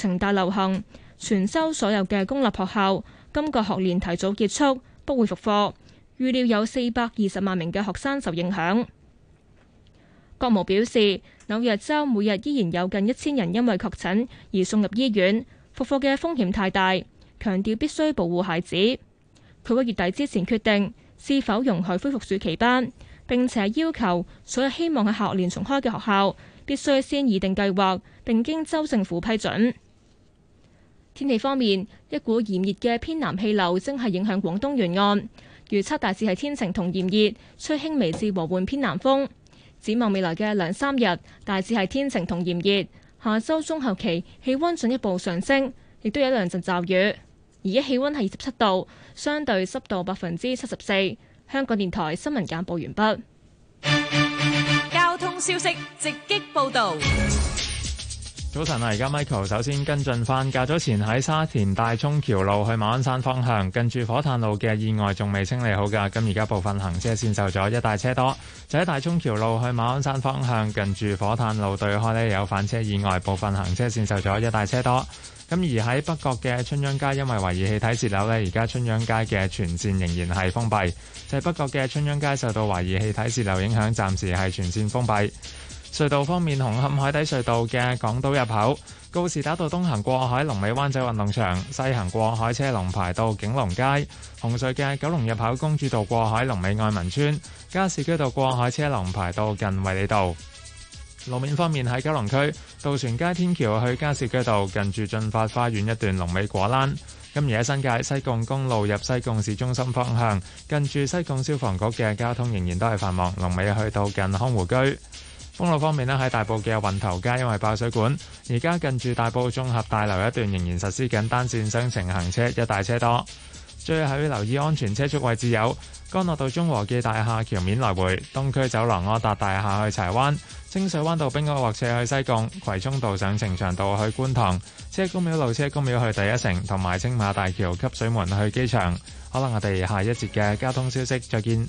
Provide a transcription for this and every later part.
情大流行，全州所有嘅公立學校今個學年提早結束，不會復課。預料有四百二十萬名嘅學生受影響。國務表示，紐約州每日依然有近一千人因為確診而送入醫院，復課嘅風險太大，強調必須保護孩子。佢個月底之前決定是否容許恢復暑期班，並且要求所有希望喺學年重開嘅學校必須先擬定計劃，並經州政府批准。天氣方面，一股炎熱嘅偏南氣流正係影響廣東沿岸，預測大致係天晴同炎熱，吹輕微至和緩偏南風。展望未來嘅兩三日，大致係天晴同炎熱。下周中後期氣溫進一步上升，亦都有兩陣驟雨。而家氣溫係二十七度，相對濕度百分之七十四。香港電台新聞簡報完畢。交通消息直擊報道。早晨啊！而家 Michael 首先跟進返，較早前喺沙田大涌橋路去馬鞍山方向近住火炭路嘅意外仲未清理好㗎，咁而家部分行車線受阻，一大車多。就喺大涌橋路去馬鞍山方向近住火炭路對開呢，有反車意外，部分行車線受阻，一大車多。咁而喺北角嘅春秧街，因為懷疑氣體洩漏呢，而家春秧街嘅全線仍然係封閉。就係北角嘅春秧街受到懷疑氣體洩漏影響，暫時係全線封閉。隧道方面，紅磡海底隧道嘅港島入口、告士打道東行過海、龍尾灣仔運動場；西行過海車龍排到景龍街。紅隧嘅九龍入口公主道過海龍尾愛民村、加士居道過海車龍排到近衛理道。路面方面喺九龍區，渡船街天橋去加士居道近住駿發花園一段龍尾果欄。今日喺新界西貢公路入西貢市中心方向，近住西貢消防局嘅交通仍然都係繁忙，龍尾去到近康湖居。公路方面咧喺大埔嘅運頭街，因為爆水管，而家近住大埔綜合大樓一段仍然實施緊單線雙程行車，一大車多。最後要留意安全車速位置有：干諾道中和記大廈橋面來回、東區走廊柯達大，大廈去柴灣、清水灣道冰哥或斜去西貢、葵涌道上城牆道去觀塘、車公廟路車公廟去第一城，同埋青馬大橋汲水門去機場。可能我哋下一節嘅交通消息，再見。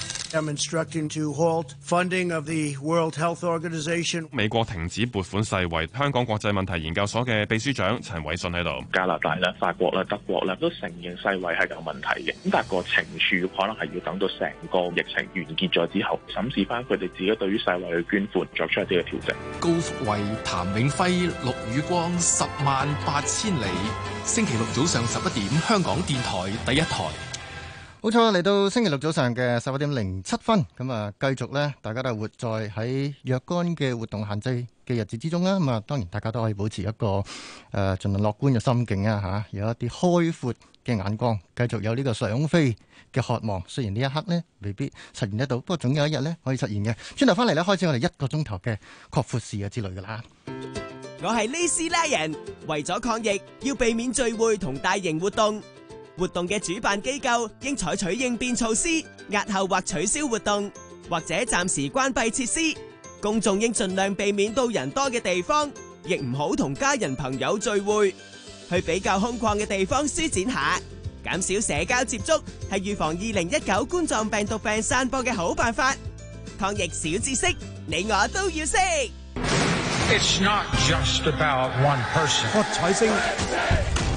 美國停止撥款世衛。香港國際問題研究所嘅秘書長陳偉信喺度。加拿大啦、法國啦、德國啦都承認世衛係有問題嘅。咁但係個懲處可能係要等到成個疫情完結咗之後，審視翻佢哋自己對於世衛嘅捐款作出一啲嘅調整。高福、衛、譚永輝、陸宇光，十萬八千里。星期六早上十一點，香港電台第一台。好彩啊！嚟到星期六早上嘅十一點零七分，咁啊，繼續咧，大家都係活在喺若干嘅活動限制嘅日子之中啦。咁啊，當然大家都可以保持一個誒，盡量樂觀嘅心境啊，吓，有一啲開闊嘅眼光，繼續有呢個想飛嘅渴望。雖然呢一刻咧未必實現得到，不過總有一日咧可以實現嘅。轉頭翻嚟咧，開始我哋一個鐘頭嘅擴闊事啊之類噶啦。我係呢斯拉人，為咗抗疫，要避免聚會同大型活動。活動嘅主辦機構應採取應變措施，押後或取消活動，或者暫時關閉設施。公眾應盡量避免到人多嘅地方，亦唔好同家人朋友聚會，去比較空曠嘅地方舒展下，減少社交接觸，係預防二零一九冠狀病毒病散播嘅好辦法。抗疫小知識，你我都要識。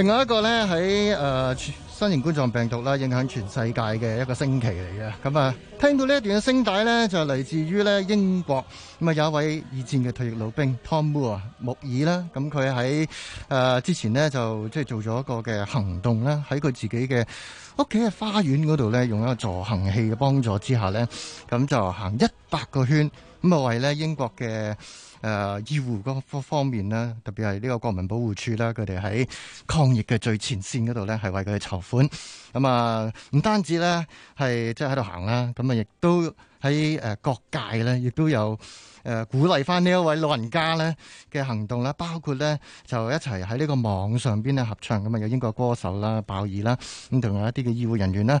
另外一個咧喺誒新型冠狀病毒啦，影響全世界嘅一個星期嚟嘅，咁、嗯、啊聽到呢一段嘅聲帶咧，就係嚟自於咧英國咁啊、嗯、有一位二戰嘅退役老兵 Tom Moore 啊木爾啦，咁佢喺誒之前呢，就即係、就是、做咗一個嘅行動啦，喺佢自己嘅屋企嘅花園嗰度咧，用一個助行器嘅幫助之下咧，咁、嗯、就行一百個圈，咁、嗯、啊為咧英國嘅。誒、呃、醫護方面咧，特別係呢個國民保護處啦，佢哋喺抗疫嘅最前線嗰度呢，係為佢哋籌款。咁啊，唔單止呢，係即係喺度行啦，咁啊，亦都喺誒各界呢，亦都有誒鼓勵翻呢一位老人家呢嘅行動啦。包括呢就一齊喺呢個網上邊咧合唱咁啊，有英國歌手啦、鮑爾啦，咁同埋一啲嘅醫護人員啦。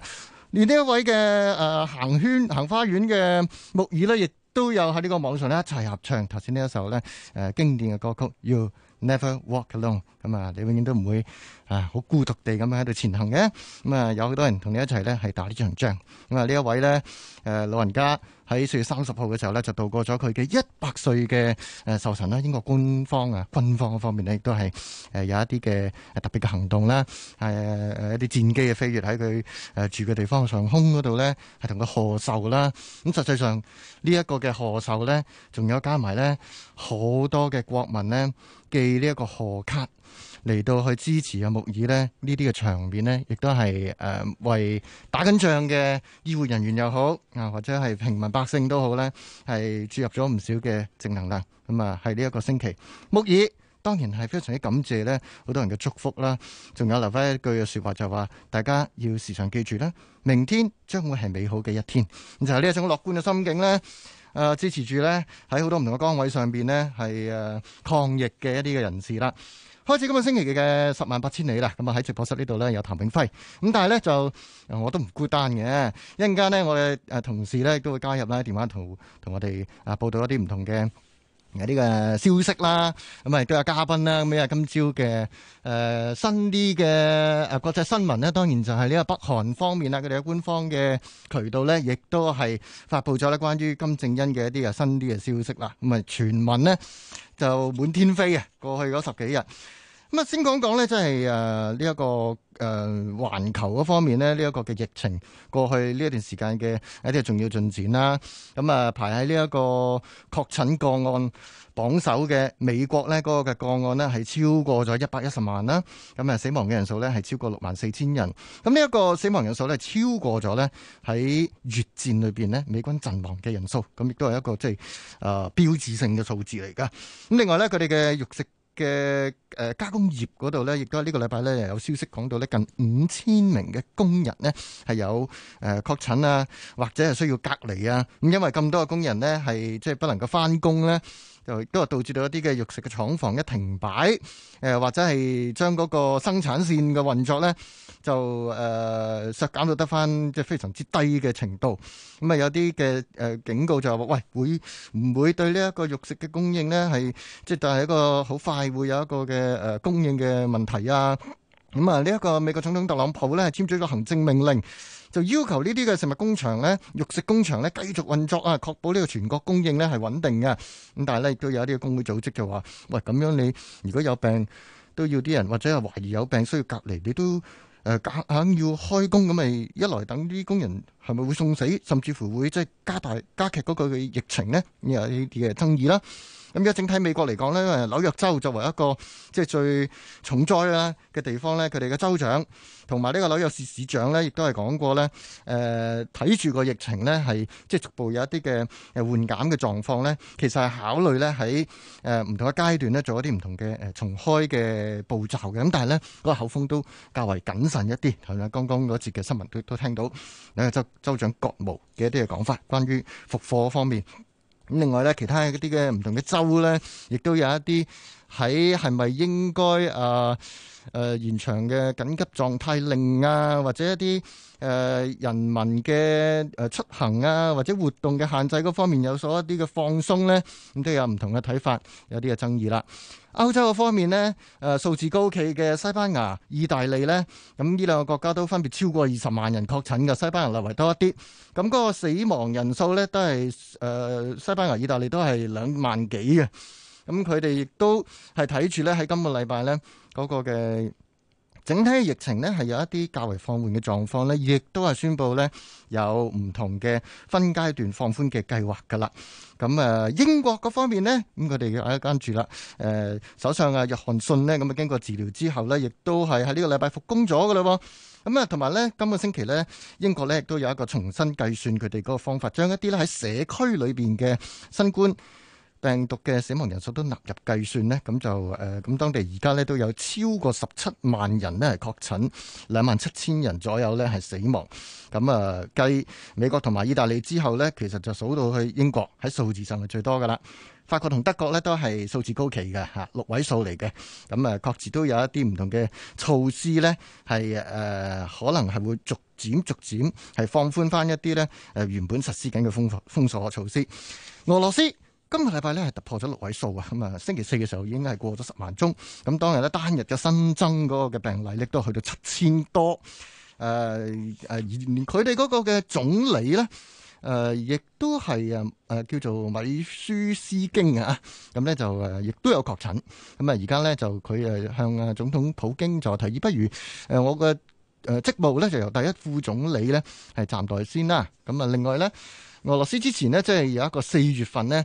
連呢一位嘅誒、呃、行圈行花園嘅木耳呢。亦～都有喺呢個網上咧一齊合唱，頭先呢一首咧誒經典嘅歌曲《You Never Walk Alone》咁啊，你永遠都唔會。啊！好孤獨地咁喺度前行嘅咁啊，有好多人同你一齊呢，係打呢場仗咁啊！呢、嗯、一位呢，誒、呃、老人家喺四月三十號嘅時候呢，就度過咗佢嘅一百歲嘅壽辰啦！英國官方啊軍方方面呢，亦都係誒、呃、有一啲嘅特別嘅行動啦，誒、呃、誒一啲戰機嘅飛越喺佢誒住嘅地方上空嗰度呢，係同佢賀壽啦！咁、嗯、實際上呢一、這個嘅賀壽呢，仲有加埋呢好多嘅國民呢，寄呢一個賀卡。嚟到去支持阿木爾呢，呢啲嘅場面呢亦都係誒為打緊仗嘅醫護人員又好啊，或者係平民百姓都好呢係注入咗唔少嘅正能量。咁啊，喺呢一個星期，木爾當然係非常之感謝呢好多人嘅祝福啦。仲有留翻一句嘅說話就話，大家要時常記住啦，明天將會係美好嘅一天。就係呢一種樂觀嘅心境呢，誒支持住呢喺好多唔同嘅崗位上邊呢係誒抗疫嘅一啲嘅人士啦。開始今個星期嘅十萬八千里啦，咁啊喺直播室呢度咧有譚炳輝，咁但係咧就我都唔孤單嘅，一陣間咧我哋誒同事咧都會加入啦，電話圖同同我哋啊報道一啲唔同嘅呢個消息啦，咁咪都有嘉賓啦。咁啊，今朝嘅誒新啲嘅誒國際新聞呢，當然就係呢個北韓方面啦，佢哋嘅官方嘅渠道呢，亦都係發布咗咧關於金正恩嘅一啲啊新啲嘅消息啦。咁啊，傳聞咧就滿天飛啊，過去嗰十幾日。咁啊，先講講咧，即係誒呢一個誒環球嗰方面呢，呢一個嘅疫情過去呢一段時間嘅一啲重要進展啦。咁啊，排喺呢一個確診個案榜首嘅美國呢，嗰個嘅個案咧係超過咗一百一十萬啦。咁啊，死亡嘅人數呢係超過六萬四千人。咁呢一個死亡人數呢，超過咗呢喺越戰裏邊呢美軍陣亡嘅人數，咁亦都係一個即係誒標誌性嘅數字嚟噶。咁另外咧，佢哋嘅肉食嘅誒加工業嗰度咧，亦都係呢個禮拜咧有消息講到咧，近五千名嘅工人咧係有誒確診啊，或者係需要隔離啊。咁因為咁多嘅工人咧係即係不能夠翻工咧。就都係導致到一啲嘅肉食嘅廠房一停擺，誒、呃、或者係將嗰個生產線嘅運作咧，就誒、呃、削減到得返即係非常之低嘅程度。咁、嗯、啊有啲嘅誒警告就話、係：喂，會唔會對呢一個肉食嘅供應咧係即係係一個好快會有一個嘅誒供應嘅問題啊？咁啊呢一個美國總統特朗普咧簽咗一個行政命令。就要求呢啲嘅食物工場咧、肉食工場咧繼續運作啊，確保呢個全國供應咧係穩定嘅。咁但係咧，亦都有一啲工會組織就話：喂，咁樣你如果有病都要啲人，或者係懷疑有病需要隔離，你都誒、呃、硬要開工咁咪？一來等啲工人係咪會送死，甚至乎會即係加大加劇嗰個嘅疫情呢？」咁有呢啲嘅爭議啦。咁而家整體美國嚟講咧，紐約州作為一個即係最重災啦嘅地方咧，佢哋嘅州長同埋呢個紐約市市長咧，亦都係講過咧，誒睇住個疫情咧，係即係逐步有一啲嘅誒緩減嘅狀況咧，其實係考慮咧喺誒唔同嘅階段咧，做一啲唔同嘅誒重開嘅步驟嘅。咁但係咧，個口風都較為謹慎一啲。係啦，剛剛嗰節嘅新聞都都聽到咧，紐約州州長葛模嘅一啲嘅講法，關於復課方面。咁另外咧，其他嘅一啲嘅唔同嘅州咧，亦都有一啲喺係咪應該啊誒延長嘅緊急狀態令啊，或者一啲誒、呃、人民嘅出行啊，或者活動嘅限制嗰方面有所有一啲嘅放鬆咧，咁都有唔同嘅睇法，有啲嘅爭議啦。歐洲方面呢，誒、呃、數字高企嘅西班牙、意大利呢，咁呢兩個國家都分別超過二十萬人確診嘅，西班牙略為多一啲。咁嗰個死亡人數呢都係誒、呃、西班牙、意大利都係兩萬幾嘅。咁佢哋亦都係睇住呢喺今個禮拜呢嗰、嗰個嘅。整體嘅疫情咧，係有一啲較為放緩嘅狀況呢，亦都係宣布呢有唔同嘅分階段放寬嘅計劃噶啦。咁、嗯、誒，英國嗰方面呢，咁佢哋要喺一間住啦。誒、呃，首相啊，約翰遜呢，咁啊經過治療之後呢，亦都係喺呢個禮拜復工咗噶啦。咁、嗯、啊，同埋呢，今個星期呢，英國呢亦都有一個重新計算佢哋嗰個方法，將一啲咧喺社區裏邊嘅新冠病毒嘅死亡人數都納入計算呢，咁就誒，咁當地而家呢都有超過十七萬人呢係確診，兩萬七千人左右呢係死亡。咁啊，繼美國同埋意大利之後呢，其實就數到去英國喺數字上係最多噶啦。法國同德國呢都係數字高企嘅嚇，六位數嚟嘅。咁啊，各自都有一啲唔同嘅措施呢，係、呃、可能係會逐漸逐漸係放寬翻一啲呢原本實施緊嘅封封鎖措施。俄羅斯。今日個禮拜咧係突破咗六位數啊！咁啊，星期四嘅時候已經係過咗十萬宗。咁當然咧，單日嘅新增嗰個嘅病例亦都去到七千多。誒、呃、誒，佢哋嗰個嘅總理咧，誒、呃、亦都係誒誒叫做米舒斯京啊。咁咧就誒亦、啊、都有確診。咁啊，而家咧就佢誒向啊總統普京就提議，不如誒我嘅誒職務咧就由第一副總理咧係暫代先啦。咁啊，另外咧，俄羅斯之前呢，即、就、係、是、有一個四月份呢。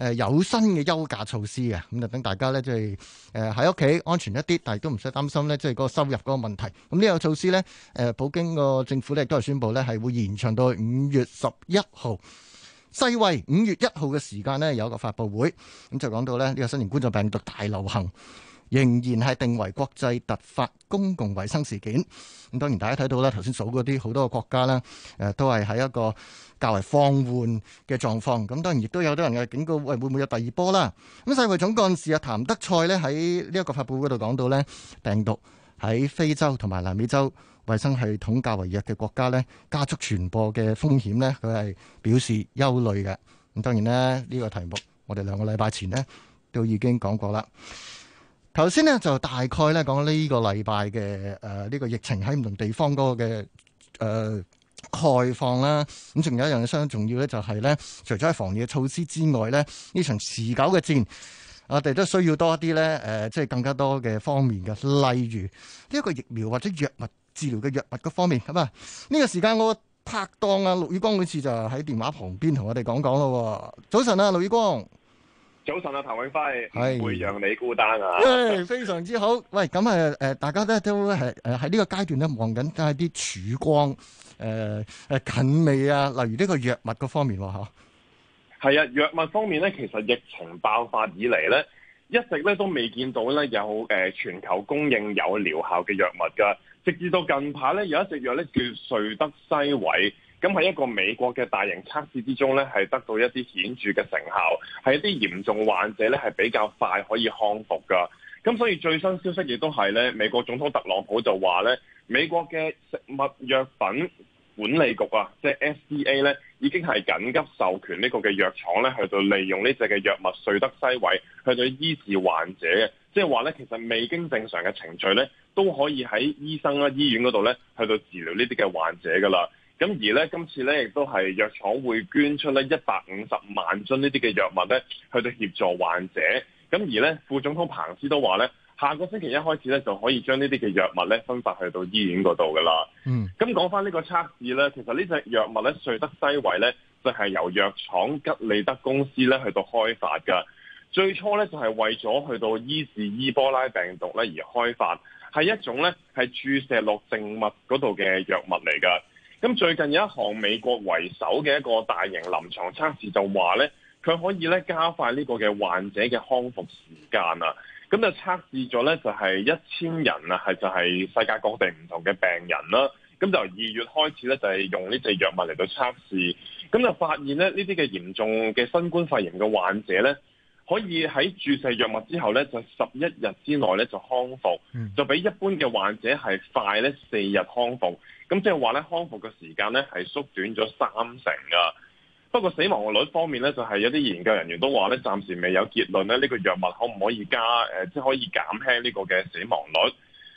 誒、呃、有新嘅休假措施嘅，咁就等大家咧，即係誒喺屋企安全一啲，但係都唔使擔心咧，即係個收入嗰個問題。咁呢個措施咧，誒普京個政府咧都係宣布咧，係會延長到五月十一號。世衛五月一號嘅時間呢有個發布會，咁就講到咧呢個新型冠狀病毒大流行，仍然係定為國際突發公共衞生事件。咁當然，大家睇到啦，頭先數嗰啲好多個國家咧，誒都係喺一個較為放緩嘅狀況。咁當然亦都有啲人嘅警告，喂會唔會有第二波啦？咁世衞總幹事啊，譚德賽呢，喺呢一個發佈會度講到呢，病毒喺非洲同埋南美洲衞生系統較為弱嘅國家呢，加速傳播嘅風險呢，佢係表示憂慮嘅。咁當然呢，呢、呢個題目我哋兩個禮拜前呢，都已經講過啦。頭先呢，就大概咧講呢個禮拜嘅誒呢個疫情喺唔同地方嗰個嘅誒開放啦，咁、嗯、仲有一樣相當重要咧，就係咧除咗係防疫措施之外咧，呢場持久嘅戰，我哋都需要多一啲咧誒，即係更加多嘅方面嘅，例如呢一個疫苗或者藥物治療嘅藥物嗰方面咁啊。呢、這個時間我拍檔啊，盧宇光好似就喺電話旁邊同我哋講講咯。早晨啊，盧宇光。早晨啊，譚永輝，係唔會讓你孤單啊？ 哎、非常之好。喂，咁啊，誒、呃，大家咧都係誒喺呢個階段咧望緊都係啲曙光，誒、呃、誒近尾啊，例如呢個藥物嗰方面喎，係啊，藥、啊、物方面咧，其實疫情爆發以嚟咧，一直咧都未見到咧有誒全球供應有療效嘅藥物噶，直至到近排咧有一隻藥咧叫瑞德西韋。咁喺一個美國嘅大型測試之中咧，係得到一啲顯著嘅成效。係一啲嚴重患者咧，係比較快可以康復噶。咁所以最新消息亦都係咧，美國總統特朗普就話咧，美國嘅食物藥品管理局啊，即係 FDA 咧，已經係緊急授權個藥廠呢個嘅藥廠咧，去到利用呢隻嘅藥物瑞德西韋去到醫治患者嘅，即係話咧，其實未經正常嘅程序咧，都可以喺醫生啦、醫院嗰度咧，去到治療呢啲嘅患者噶啦。咁而咧，今次咧亦都係藥廠會捐出咧一百五十萬樽呢啲嘅藥物咧，去到協助患者。咁而咧，副總統彭斯都話咧，下個星期一開始咧就可以將呢啲嘅藥物咧分發去到醫院嗰度噶啦。嗯，咁講翻呢個測試咧，其實呢隻藥物咧，瑞德西維咧，就係由藥廠吉利德公司咧去到開發噶。最初咧就係為咗去到醫治伊波拉病毒咧而開發，係一種咧係注射落靜脈嗰度嘅藥物嚟噶。咁最近有一項美國為首嘅一個大型臨床測試就話咧，佢可以咧加快呢個嘅患者嘅康復時間啊！咁就測試咗咧就係一千人啊，係就係世界各地唔同嘅病人啦。咁就由二月開始咧就係用呢隻藥物嚟到測試，咁就發現咧呢啲嘅嚴重嘅新冠肺炎嘅患者咧，可以喺注射藥物之後咧就十一日之內咧就康復，就比一般嘅患者係快咧四日康復。咁即係話咧，康復嘅時間咧係縮短咗三成㗎。不過死亡率方面咧，就係有啲研究人員都話咧，暫時未有結論咧，呢個藥物可唔可以加？誒，即係可以減輕呢個嘅死亡率。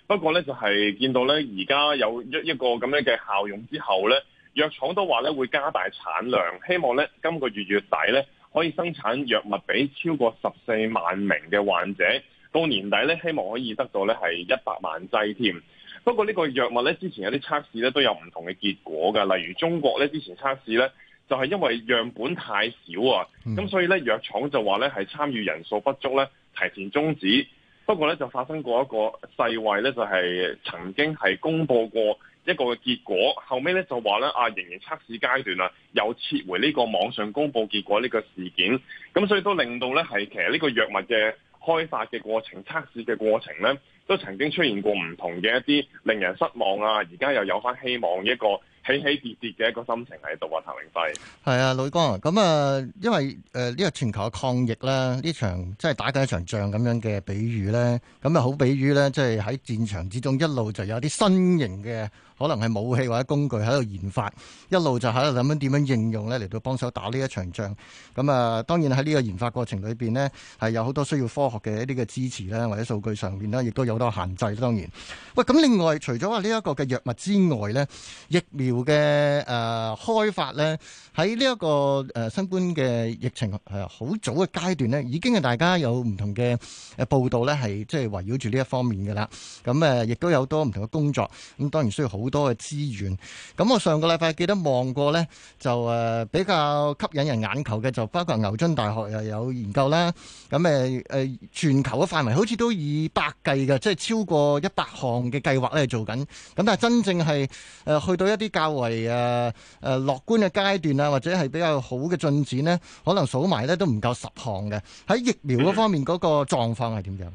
不過咧，就係見到咧，而家有一一個咁樣嘅效用之後咧，藥廠都話咧會加大產量，希望咧今個月月底咧可以生產藥物俾超過十四萬名嘅患者。到年底咧，希望可以得到咧係一百萬劑添。不過這個藥物呢個藥物咧，之前有啲測試咧都有唔同嘅結果㗎。例如中國咧之前測試咧，就係、是、因為樣本太少啊，咁所以咧藥廠就話咧係參與人數不足咧，提前中止。不過咧就發生過一個世衛咧，就係、是、曾經係公佈過一個嘅結果，後尾咧就話咧啊仍然測試階段啊，又撤回呢個網上公佈結果呢個事件。咁所以都令到咧係其實呢個藥物嘅開發嘅過程、測試嘅過程咧。都曾經出現過唔同嘅一啲令人失望啊！而家又有返希望，一個起起跌跌嘅一個心情喺度啊，唐明輝。係啊，呂光。咁、嗯、啊，因為誒呢個全球嘅抗疫啦，呢場即係打緊一場仗咁樣嘅比喻咧，咁、嗯、啊好比喻咧，即係喺戰場之中一路就有啲新型嘅。可能係武器或者工具喺度研發，一路就喺度諗緊點樣應用咧嚟到幫手打呢一場仗。咁啊，當然喺呢個研發過程裏邊咧，係有好多需要科學嘅一啲嘅支持啦或者數據上面咧，亦都有好多限制。當然，喂，咁另外除咗話呢一個嘅藥物之外咧，疫苗嘅誒、呃、開發咧，喺呢一個誒新冠嘅疫情係好早嘅階段咧，已經係大家有唔同嘅誒報道咧，係即係圍繞住呢一方面嘅啦。咁誒，亦都有多唔同嘅工作，咁當然需要好。好多嘅資源，咁我上個禮拜記得望過呢，就誒、呃、比較吸引人眼球嘅，就包括牛津大學又有研究啦。咁誒誒全球嘅範圍，好似都以百計嘅，即係超過一百項嘅計劃咧做緊。咁但係真正係誒、呃、去到一啲較為誒誒、呃呃、樂觀嘅階段啊，或者係比較好嘅進展呢，可能數埋呢都唔夠十項嘅。喺疫苗嗰方面嗰、嗯嗰個狀況係點樣嘅？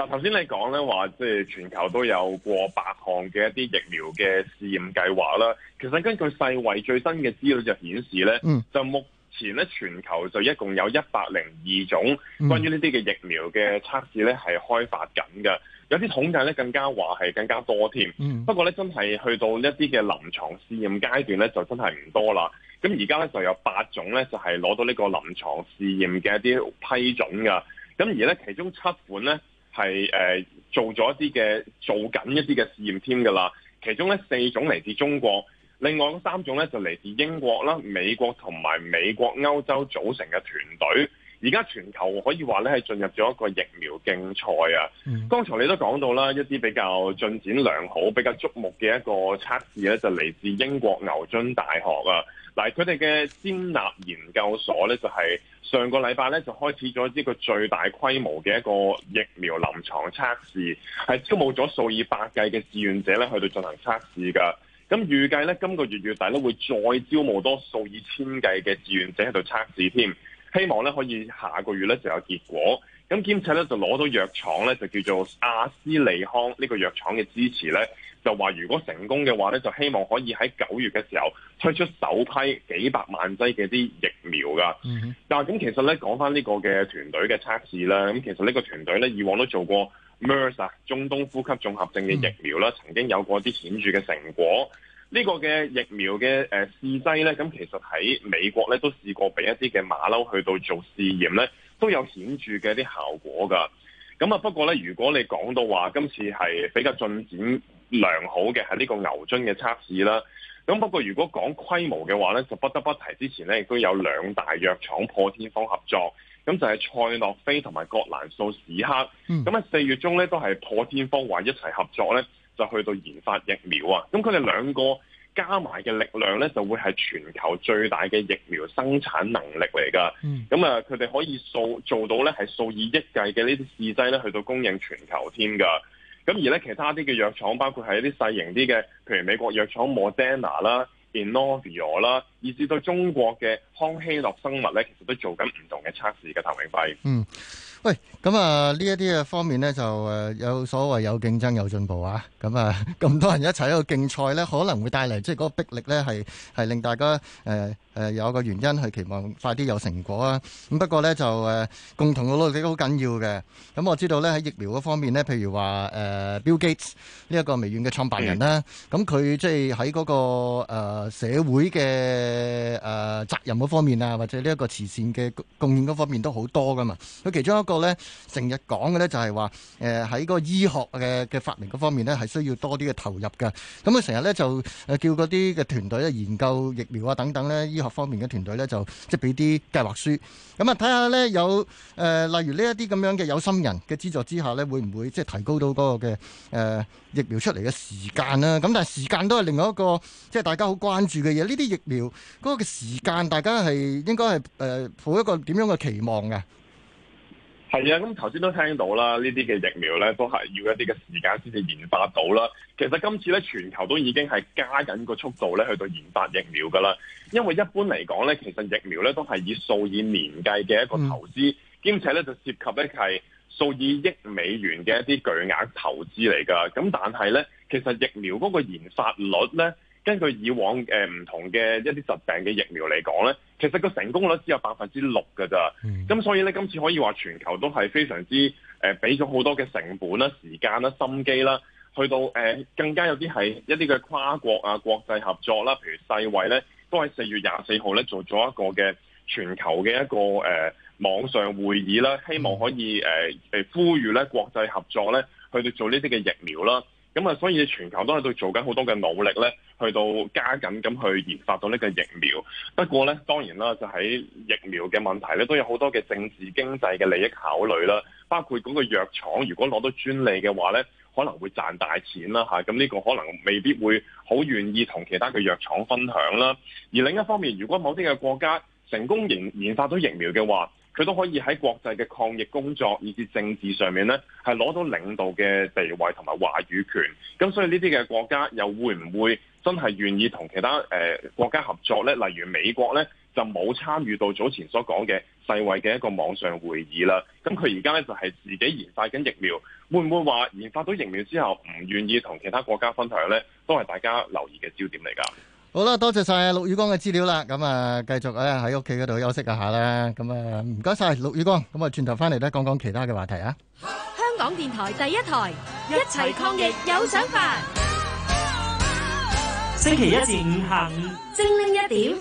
嗱，頭先你講咧話，即係全球都有過百項嘅一啲疫苗嘅試驗計劃啦。其實根據世衞最新嘅資料就顯示咧，就目前咧全球就一共有一百零二種關於呢啲嘅疫苗嘅測試咧係開發緊㗎。有啲統計咧更加話係更加多添。不過咧真係去到一啲嘅臨床試驗階段咧就真係唔多啦。咁而家咧就有八種咧就係攞到呢個臨床試驗嘅一啲批准㗎。咁而咧其中七款咧。係誒、呃、做咗一啲嘅做緊一啲嘅試驗添㗎啦，其中咧四種嚟自中國，另外嗰三種咧就嚟自英國啦、美國同埋美國歐洲組成嘅團隊。而家全球可以話咧係進入咗一個疫苗競賽啊。嗯、剛才你都講到啦，一啲比較進展良好、比較矚目嘅一個測試咧，就嚟自英國牛津大學啊。嗱，佢哋嘅尖納研究所咧，就係上個禮拜咧就開始咗呢個最大規模嘅一個疫苗臨床測試，係招募咗數以百計嘅志願者咧去到進行測試㗎。咁預計咧今個月月底咧會再招募多數以千計嘅志願者喺度測試添，希望咧可以下個月咧就有結果。咁兼且咧就攞到藥廠咧就叫做亞斯利康呢個藥廠嘅支持咧。就話如果成功嘅話咧，就希望可以喺九月嘅時候推出首批幾百萬劑嘅啲疫苗噶。Mm -hmm. 但係咁其實咧講翻呢個嘅團隊嘅測試啦，咁其實呢個團隊咧以往都做過 MERS 啊中東呼吸綜合症嘅疫苗啦，mm -hmm. 曾經有過啲顯著嘅成果。呢個嘅疫苗嘅誒試劑咧，咁其實喺美國咧都試過俾一啲嘅馬騮去到做試驗咧，都有顯著嘅啲效果噶。咁啊，不過咧，如果你講到話今次係比較進展良好嘅，係呢個牛津嘅測試啦。咁不過如果講規模嘅話咧，就不得不提之前咧，亦都有兩大藥廠破天荒合作，咁就係賽諾菲同埋葛蘭素史克。咁啊，四月中咧都係破天荒話一齊合作咧，就去到研發疫苗啊。咁佢哋兩個加埋嘅力量咧，就會係全球最大嘅疫苗生產能力嚟噶。咁、嗯、啊，佢哋可以做，做到咧，係數以億計嘅呢啲試劑咧，去到供應全球添噶。咁而咧，其他啲嘅藥廠，包括係一啲細型啲嘅，譬如美國藥廠 Moderna 啦、Inovio 啦，以至到中國嘅康希諾生物咧，其實都做緊唔同嘅測試嘅。譚永輝。嗯。喂，咁啊呢一啲嘅方面呢，就誒有所謂有競爭有進步啊，咁啊咁多人一齊喺度競賽呢，可能會帶嚟即係嗰個逼力呢，係係令大家誒。誒、呃、有個原因係期望快啲有成果啊！咁不過咧就誒、呃、共同嘅努力幾好緊要嘅。咁、嗯、我知道咧喺疫苗方面咧，譬如話誒、呃、Bill Gates 呢一個微軟嘅創辦人啦，咁佢即係喺嗰個、呃、社會嘅誒、呃、責任方面啊，或者呢一個慈善嘅貢獻方面都好多噶嘛。佢其中一個咧成日講嘅咧就係話誒喺嗰個醫學嘅嘅發明方面咧係需要多啲嘅投入嘅。咁佢成日咧就誒叫啲嘅團隊啊研究疫苗啊等等咧醫學方面嘅團隊呢，就即係俾啲計劃書，咁啊睇下呢有誒、呃，例如呢一啲咁樣嘅有心人嘅資助之下呢，會唔會即係提高到嗰、那個嘅誒、呃、疫苗出嚟嘅時間啦，啊？咁但係時間都係另外一個即係大家好關注嘅嘢，呢啲疫苗嗰個嘅時間，大家係應該係誒、呃、抱一個點樣嘅期望嘅？係啊，咁頭先都聽到啦，呢啲嘅疫苗咧都係要一啲嘅時間先至研發到啦。其實今次咧，全球都已經係加緊個速度咧，去到研發疫苗㗎喇。因為一般嚟講咧，其實疫苗咧都係以數以年計嘅一個投資，兼且咧就涉及咧係數以億美元嘅一啲巨額投資嚟㗎。咁但係咧，其實疫苗嗰個研發率咧。根據以往誒唔、呃、同嘅一啲疾病嘅疫苗嚟講咧，其實個成功率只有百分之六㗎咋。咁、嗯、所以咧，今次可以話全球都係非常之誒，俾咗好多嘅成本啦、時間啦、心機啦，去到誒、呃、更加有啲係一啲嘅跨國啊、國際合作啦。譬如世衞咧，都喺四月廿四號咧做咗一個嘅全球嘅一個誒、呃、網上會議啦，希望可以誒誒、呃、呼籲咧國際合作咧去到做呢啲嘅疫苗啦。咁啊，所以全球都喺度做緊好多嘅努力咧，去到加緊咁去研發到呢個疫苗。不過咧，當然啦，就喺疫苗嘅問題咧，都有好多嘅政治經濟嘅利益考慮啦。包括嗰個藥廠，如果攞到專利嘅話咧，可能會賺大錢啦吓，咁啊，呢個可能未必會好願意同其他嘅藥廠分享啦。而另一方面，如果某啲嘅國家成功研研發到疫苗嘅話，佢都可以喺國際嘅抗疫工作以至政治上面咧，係攞到領導嘅地位同埋話語權。咁所以呢啲嘅國家又會唔會真係願意同其他誒、呃、國家合作呢？例如美國咧，就冇參與到早前所講嘅世衛嘅一個網上會議啦。咁佢而家咧就係、是、自己研發緊疫苗，會唔會話研發到疫苗之後唔願意同其他國家分享呢？都係大家留意嘅焦點嚟㗎。好啦，多謝晒陸宇光嘅資料啦。咁啊，繼續啊喺屋企嗰度休息一下啦。咁啊，唔該晒陸宇光。咁啊，轉頭翻嚟咧，講講其他嘅話題啊。香港電台第一台，一齊抗疫有想法。星期一至五下午精靈一點，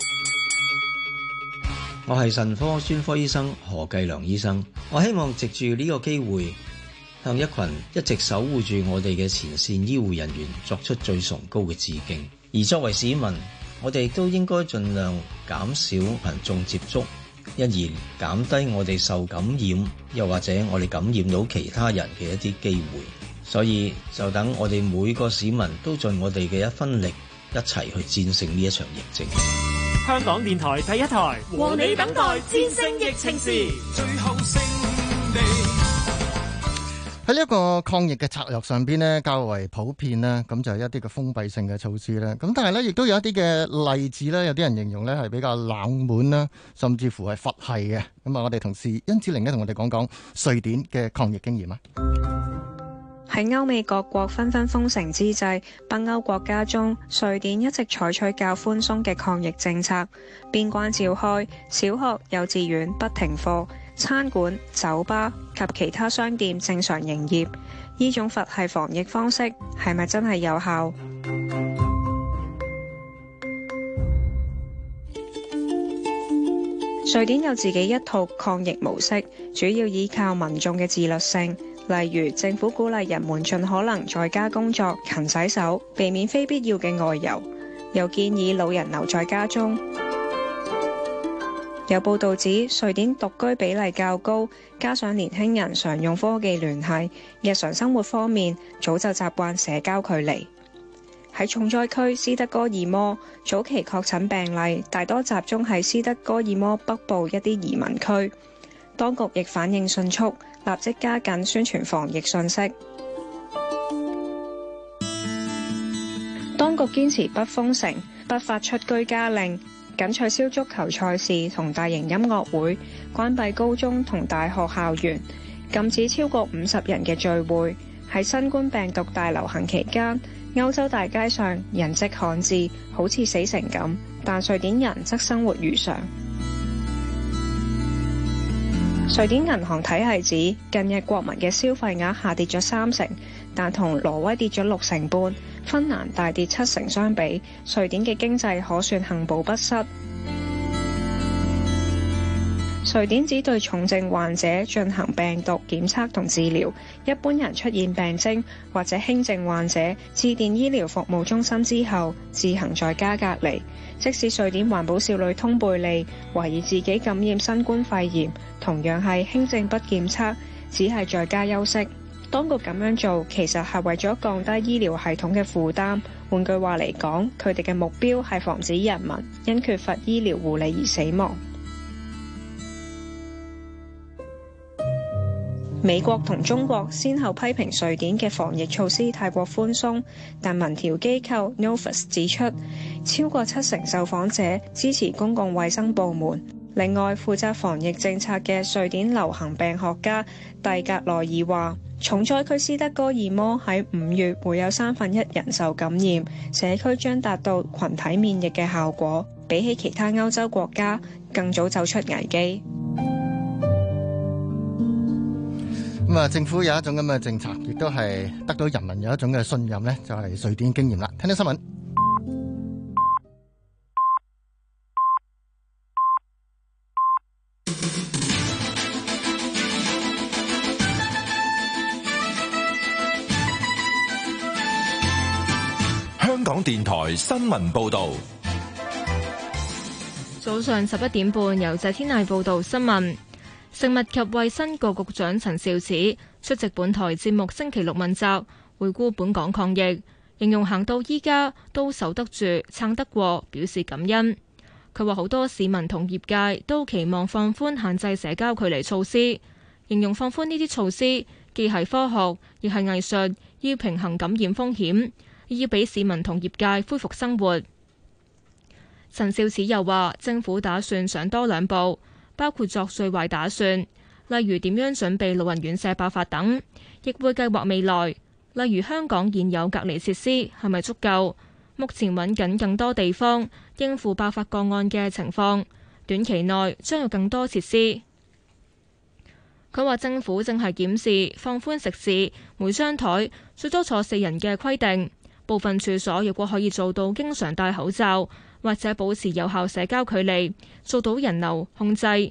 我係腎科專科醫生何繼良醫生。我希望藉住呢個機會，向一群一直守護住我哋嘅前線醫護人員，作出最崇高嘅致敬。而作為市民，我哋都應該盡量減少民眾接觸，因而減低我哋受感染，又或者我哋感染到其他人嘅一啲機會。所以就等我哋每個市民都盡我哋嘅一分力，一齊去戰勝呢一場疫症。香港電台第一台和你等待戰勝疫情時，最後喺呢一個抗疫嘅策略上邊呢，較為普遍啦。咁就係一啲嘅封閉性嘅措施啦。咁但係呢，亦都有一啲嘅例子呢，有啲人形容呢係比較冷門啦，甚至乎係佛系嘅。咁啊，我哋同事甄志玲呢同我哋講講瑞典嘅抗疫經驗啊！喺歐美各國紛紛封城之際，北歐國家中，瑞典一直採取較寬鬆嘅抗疫政策，邊關照開，小學、幼稚園不停課。餐館、酒吧及其他商店正常營業，呢種佛系防疫方式係咪真係有效？ 瑞典有自己一套抗疫模式，主要依靠民眾嘅自律性，例如政府鼓勵人們盡可能在家工作、勤洗手，避免非必要嘅外遊，又建議老人留在家中。有報道指，瑞典獨居比例較高，加上年輕人常用科技聯繫，日常生活方面早就習慣社交距離。喺重災區斯德哥爾摩，早期確診病例大多集中喺斯德哥爾摩北部一啲移民區，當局亦反應迅速，立即加緊宣傳防疫信息。當局堅持不封城，不發出居家令。僅取消足球賽事同大型音樂會，關閉高中同大學校園，禁止超過五十人嘅聚會。喺新冠病毒大流行期間，歐洲大街上人跡罕至，好似死城咁。但瑞典人則生活如常。瑞典銀行體系指，近日國民嘅消費額下跌咗三成，但同挪威跌咗六成半。芬蘭大跌七成相比，瑞典嘅經濟可算幸保不失。瑞典只對重症患者進行病毒檢測同治療，一般人出現病徵或者輕症患者，致電醫療服務中心之後，自行在家隔離。即使瑞典環保少女通貝利懷疑自己感染新冠肺炎，同樣係輕症不檢測，只係在家休息。當局咁樣做，其實係為咗降低醫療系統嘅負擔。換句話嚟講，佢哋嘅目標係防止人民因缺乏醫療護理而死亡。美國同中國先後批評瑞典嘅防疫措施太過寬鬆，但民調機構 Novus 指出，超過七成受訪者支持公共衛生部門。另外，負責防疫政策嘅瑞典流行病學家蒂格羅爾話。重災區斯德哥爾摩喺五月會有三分一人受感染，社區將達到群體免疫嘅效果，比起其他歐洲國家更早走出危機。咁啊，政府有一種咁嘅政策，亦都係得到人民有一種嘅信任，呢就係、是、瑞典經驗啦。聽啲新聞。港電台新聞報道，早上十一點半，由謝天麗報道新聞。食物及衛生局局長陳肇始出席本台節目《星期六問責》，回顧本港抗疫，形容行到依家都守得住、撐得過，表示感恩。佢話好多市民同業界都期望放寬限制社交距離措施，形容放寬呢啲措施既係科學亦係藝術，要平衡感染風險。要俾市民同業界恢復生活。陳肇始又話，政府打算上多兩步，包括作最壞打算，例如點樣準備老人院舍爆發等，亦會計劃未來，例如香港現有隔離設施係咪足夠？目前揾緊更多地方應付爆發個案嘅情況，短期內將有更多設施。佢話，政府正係檢視放寬食肆每張台最多坐四人嘅規定。部分處所如果可以做到經常戴口罩，或者保持有效社交距離，做到人流控制，而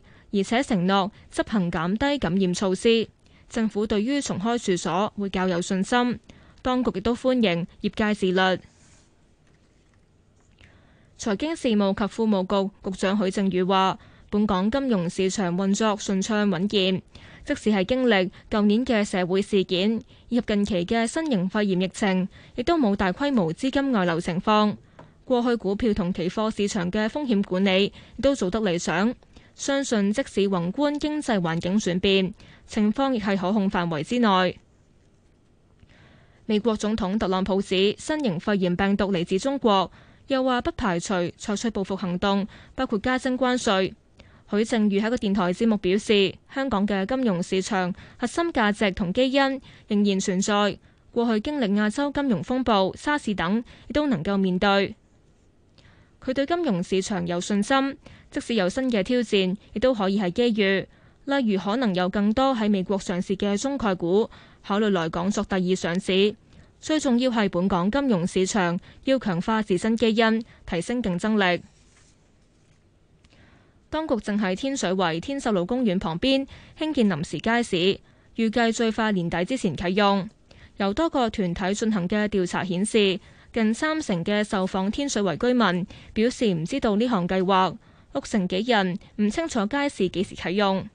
且承諾執行減低感染措施，政府對於重開處所會較有信心。當局亦都歡迎業界自律。財經事務及庫務局局長許正宇話：本港金融市場運作順暢穩健。即使係經歷舊年嘅社會事件以及近期嘅新型肺炎疫情，亦都冇大規模資金外流情況。過去股票同期貨市場嘅風險管理亦都做得理想，相信即使宏觀經濟環境轉變，情況亦係可控範圍之內。美國總統特朗普指新型肺炎病毒嚟自中國，又話不排除採取報復行動，包括加徵關稅。許正宇喺一個電台節目表示，香港嘅金融市場核心價值同基因仍然存在，過去經歷亞洲金融風暴、沙士等，亦都能夠面對。佢對金融市場有信心，即使有新嘅挑戰，亦都可以係機遇。例如可能有更多喺美國上市嘅中概股考慮來港作第二上市。最重要係本港金融市場要強化自身基因，提升競爭力。當局正喺天水圍天秀路公園旁邊興建臨時街市，預計最快年底之前啟用。由多個團體進行嘅調查顯示，近三成嘅受訪天水圍居民表示唔知道呢項計劃，六成幾人唔清楚街市幾時啟用。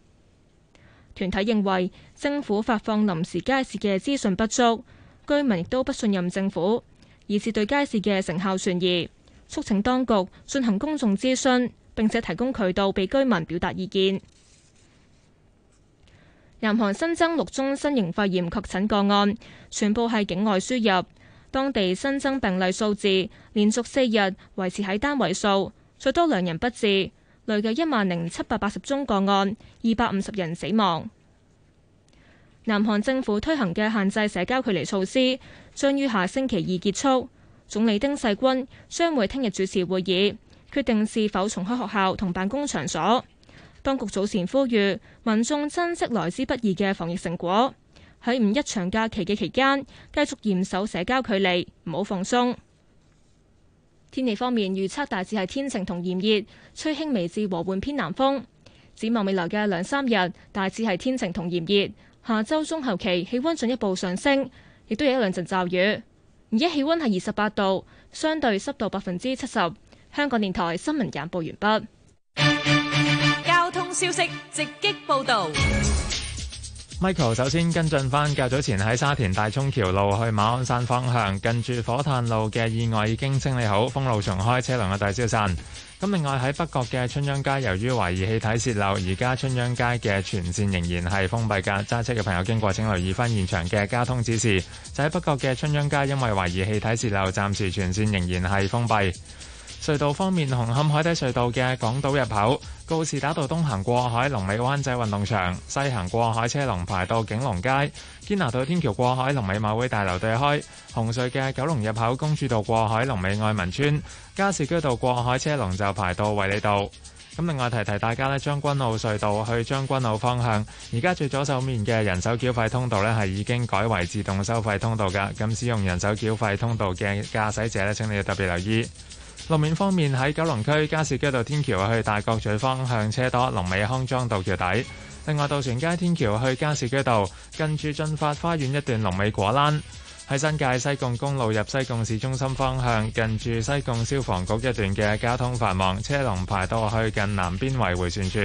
團體認為政府發放臨時街市嘅資訊不足，居民亦都不信任政府，而是對街市嘅成效存疑，促請當局進行公眾諮詢。並且提供渠道俾居民表達意見。南韓新增六宗新型肺炎確診個案，全部係境外輸入，當地新增病例數字連續四日維持喺單位數，最多兩人不治。累計一萬零七百八十宗個案，二百五十人死亡。南韓政府推行嘅限制社交距離措施將於下星期二結束，總理丁世均將會聽日主持會議。決定是否重開學校同辦公場所。當局早前呼籲民眾珍惜來之不易嘅防疫成果，喺五一長假期嘅期間繼續嚴守社交距離，唔好放鬆。天氣方面，預測大致係天晴同炎熱，吹輕微至和緩偏南風。展望未來嘅兩三日，大致係天晴同炎熱，下周中後期，氣温進一步上升，亦都有一兩陣驟雨。而家氣温係二十八度，相對濕度百分之七十。香港電台新聞簡報完畢。交通消息直擊報道。Michael 首先跟進翻，較早前喺沙田大涌橋路去馬鞍山方向近住火炭路嘅意外已經清理好，封路重開，車輛嘅大消散。咁另外喺北角嘅春秧街，由於懷疑氣體洩漏，而家春秧街嘅全線仍然係封閉㗎。揸車嘅朋友經過，請留意翻現場嘅交通指示。就喺北角嘅春秧街，因為懷疑氣體洩漏，暫時全線仍然係封閉。隧道方面，紅磡海底隧道嘅港島入口，告士打道東行過海，龍尾灣仔運動場；西行過海車龍排到景隆街，堅拿道天橋過海，龍尾馬會大樓對開。紅隧嘅九龍入口，公主道過海，龍尾愛民村；加士居道過海車龍就排到衛理道。咁另外提提大家呢，將軍澳隧道去將軍澳方向，而家最左手面嘅人手繳費通道呢，係已經改為自動收費通道㗎。咁使用人手繳費通道嘅駕駛者呢，請你要特別留意。路面方面，喺九龍區加士居道天橋去大角咀方向車多，龍尾康莊道橋底。另外，渡船街天橋去加士居道近住駿發花園一段龍尾果欄。喺新界西貢公路入西貢市中心方向，近住西貢消防局一段嘅交通繁忙，車龍排到去近南邊圍回旋處。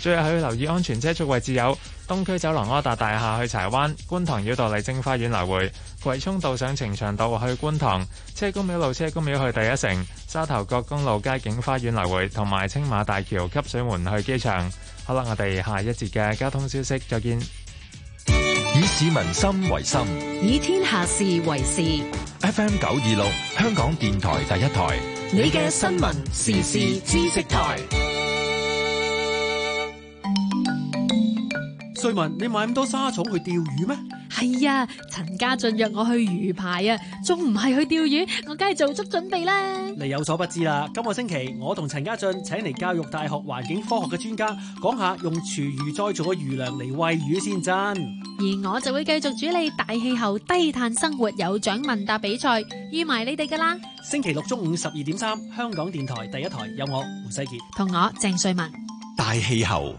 最後要去留意安全車速位置有：東區走廊柯達大廈去柴灣、觀塘繞道麗晶花園來回、葵涌道上呈祥道去觀塘、車公廟路車公廟去第一城、沙頭角公路街景花園來回，同埋青馬大橋汲水門去機場。好啦，我哋下一節嘅交通消息，再見。以市民心為心，以天下事為事。FM 九二六，香港電台第一台，你嘅新聞、時事、知識台。瑞文，你買咁多沙蟲去釣魚咩？係啊，陳家俊約我去魚排啊，仲唔係去釣魚？我梗係做足準備啦。你有所不知啦，今個星期我同陳家俊請嚟教育大學環境科學嘅專家，講下用廚餘再造嘅魚糧嚟餵魚先真。而我就會繼續主理大氣候低碳生活有獎問答比賽，預埋你哋㗎啦。星期六中午十二點三，香港電台第一台有我胡世傑同我鄭瑞文大氣候。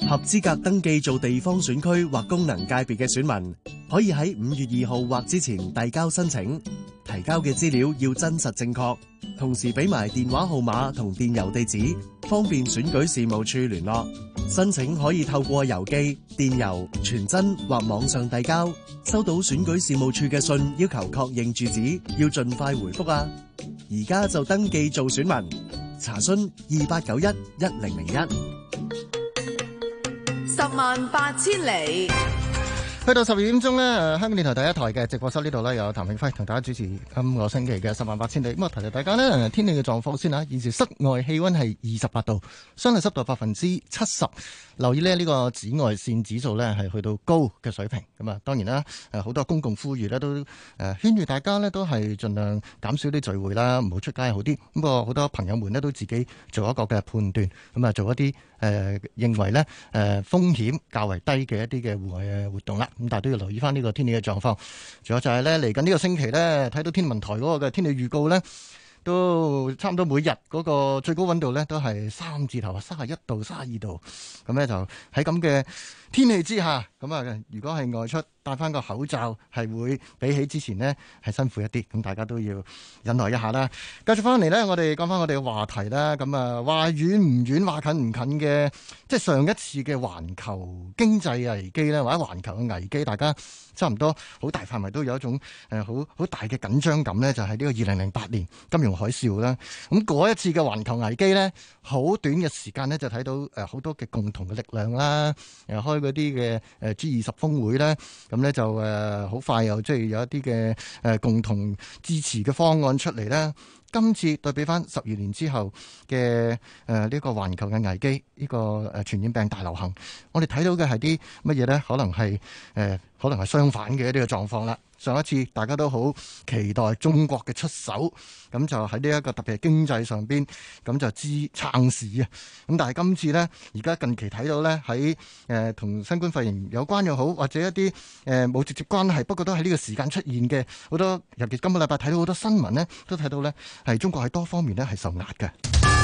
合資格登記做地方選區或功能界別嘅選民，可以喺五月二號或之前遞交申請。提交嘅資料要真實正確，同時俾埋電話號碼同電郵地址，方便選舉事務處聯絡。申請可以透過郵寄、電郵、傳真或網上遞交。收到選舉事務處嘅信，要求確認住址，要儘快回覆啊！而家就登記做選民，查詢二八九一一零零一。十萬八千里。去到十二點鐘呢，誒，香港電台第一台嘅直播室呢度呢，有譚永輝同大家主持今個星期嘅十萬八千里。咁啊，提提大家呢，天氣嘅狀況先啦。現時室外氣溫係二十八度，相對濕度百分之七十。留意呢呢個紫外線指數呢，係去到高嘅水平。咁啊，當然啦，誒，好多公共呼籲呢都誒，呼籲大家呢，都係盡量減少啲聚會啦，唔好出街好啲。咁個好多朋友們呢都自己做一個嘅判斷，咁啊，做一啲誒、呃、認為呢誒風險較為低嘅一啲嘅戶外嘅活動啦。咁但係都要留意翻呢個天氣嘅狀況，仲有就係咧嚟緊呢個星期咧，睇到天文台嗰個嘅天氣預告咧，都差唔多每日嗰個最高溫度咧都係三字頭啊，三十一度、三十二度，咁咧就喺咁嘅。天氣之下，咁啊，如果係外出戴翻個口罩，係會比起之前呢係辛苦一啲，咁大家都要忍耐一下啦。繼續翻嚟呢，我哋講翻我哋嘅話題啦。咁啊，話遠唔遠，話近唔近嘅，即係上一次嘅環球經濟危機咧，或者環球嘅危機，大家差唔多好大範圍都有一種誒好好大嘅緊張感呢。就係、是、呢個二零零八年金融海嘯啦。咁嗰一次嘅環球危機呢，好短嘅時間呢，就睇到誒好多嘅共同嘅力量啦，然後嗰啲嘅誒 G 二十峰會咧，咁咧就誒好快又即係有一啲嘅誒共同支持嘅方案出嚟咧。今次對比翻十二年之後嘅誒呢個環球嘅危機，呢個誒傳染病大流行，我哋睇到嘅係啲乜嘢咧？可能係誒、呃、可能係相反嘅一啲嘅狀況啦。上一次大家都好期待中國嘅出手，咁就喺呢一個特別係經濟上面，咁就支撐市啊。咁但係今次呢，而家近期睇到呢，喺同、呃、新冠肺炎有關又好，或者一啲冇、呃、直接關係，不過都喺呢個時間出現嘅好多。尤其今個禮拜睇到好多新聞呢，都睇到呢，係中國係多方面呢係受壓嘅。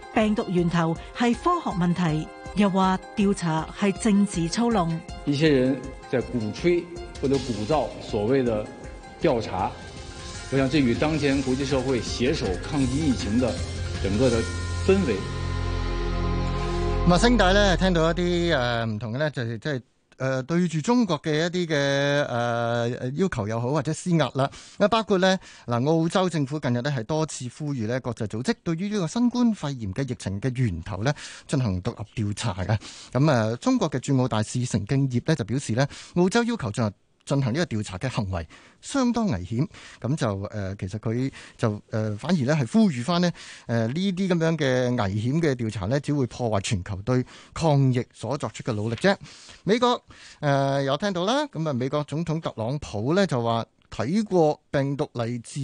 病毒源頭係科學問題，又話調查係政治操弄。一些人在鼓吹或者鼓噪所謂的調查，我想這與當前國際社會攜手抗擊疫情的整個的氛圍。咁啊，聲帶咧聽到一啲誒唔同嘅咧，就係即係。誒、呃、對住中國嘅一啲嘅誒要求又好，或者施壓啦，啊包括呢嗱，澳洲政府近日呢係多次呼籲呢國際組織對於呢個新冠肺炎嘅疫情嘅源頭呢進行獨立調查嘅，咁、嗯呃、中國嘅駐澳大使成競業呢就表示呢，澳洲要求進入，進行呢個調查嘅行為相當危險，咁就誒、呃、其實佢就誒、呃、反而咧係呼籲翻咧誒呢啲咁樣嘅危險嘅調查咧，只會破壞全球對抗疫所作出嘅努力啫。美國誒、呃、有聽到啦，咁啊美國總統特朗普咧就話睇過病毒嚟自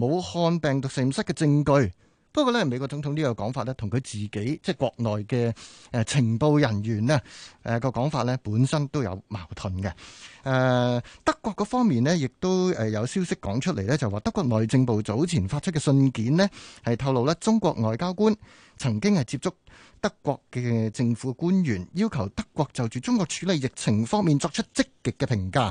武漢病毒實驗室嘅證據。不過呢，美國總統呢個講法呢同佢自己即係、就是、國內嘅誒情報人員呢誒個講法呢本身都有矛盾嘅。誒德國嗰方面呢，亦都有消息講出嚟呢就話德國內政部早前發出嘅信件呢，係透露呢中國外交官曾經係接觸德國嘅政府官員，要求德國就住中國處理疫情方面作出積極嘅評價。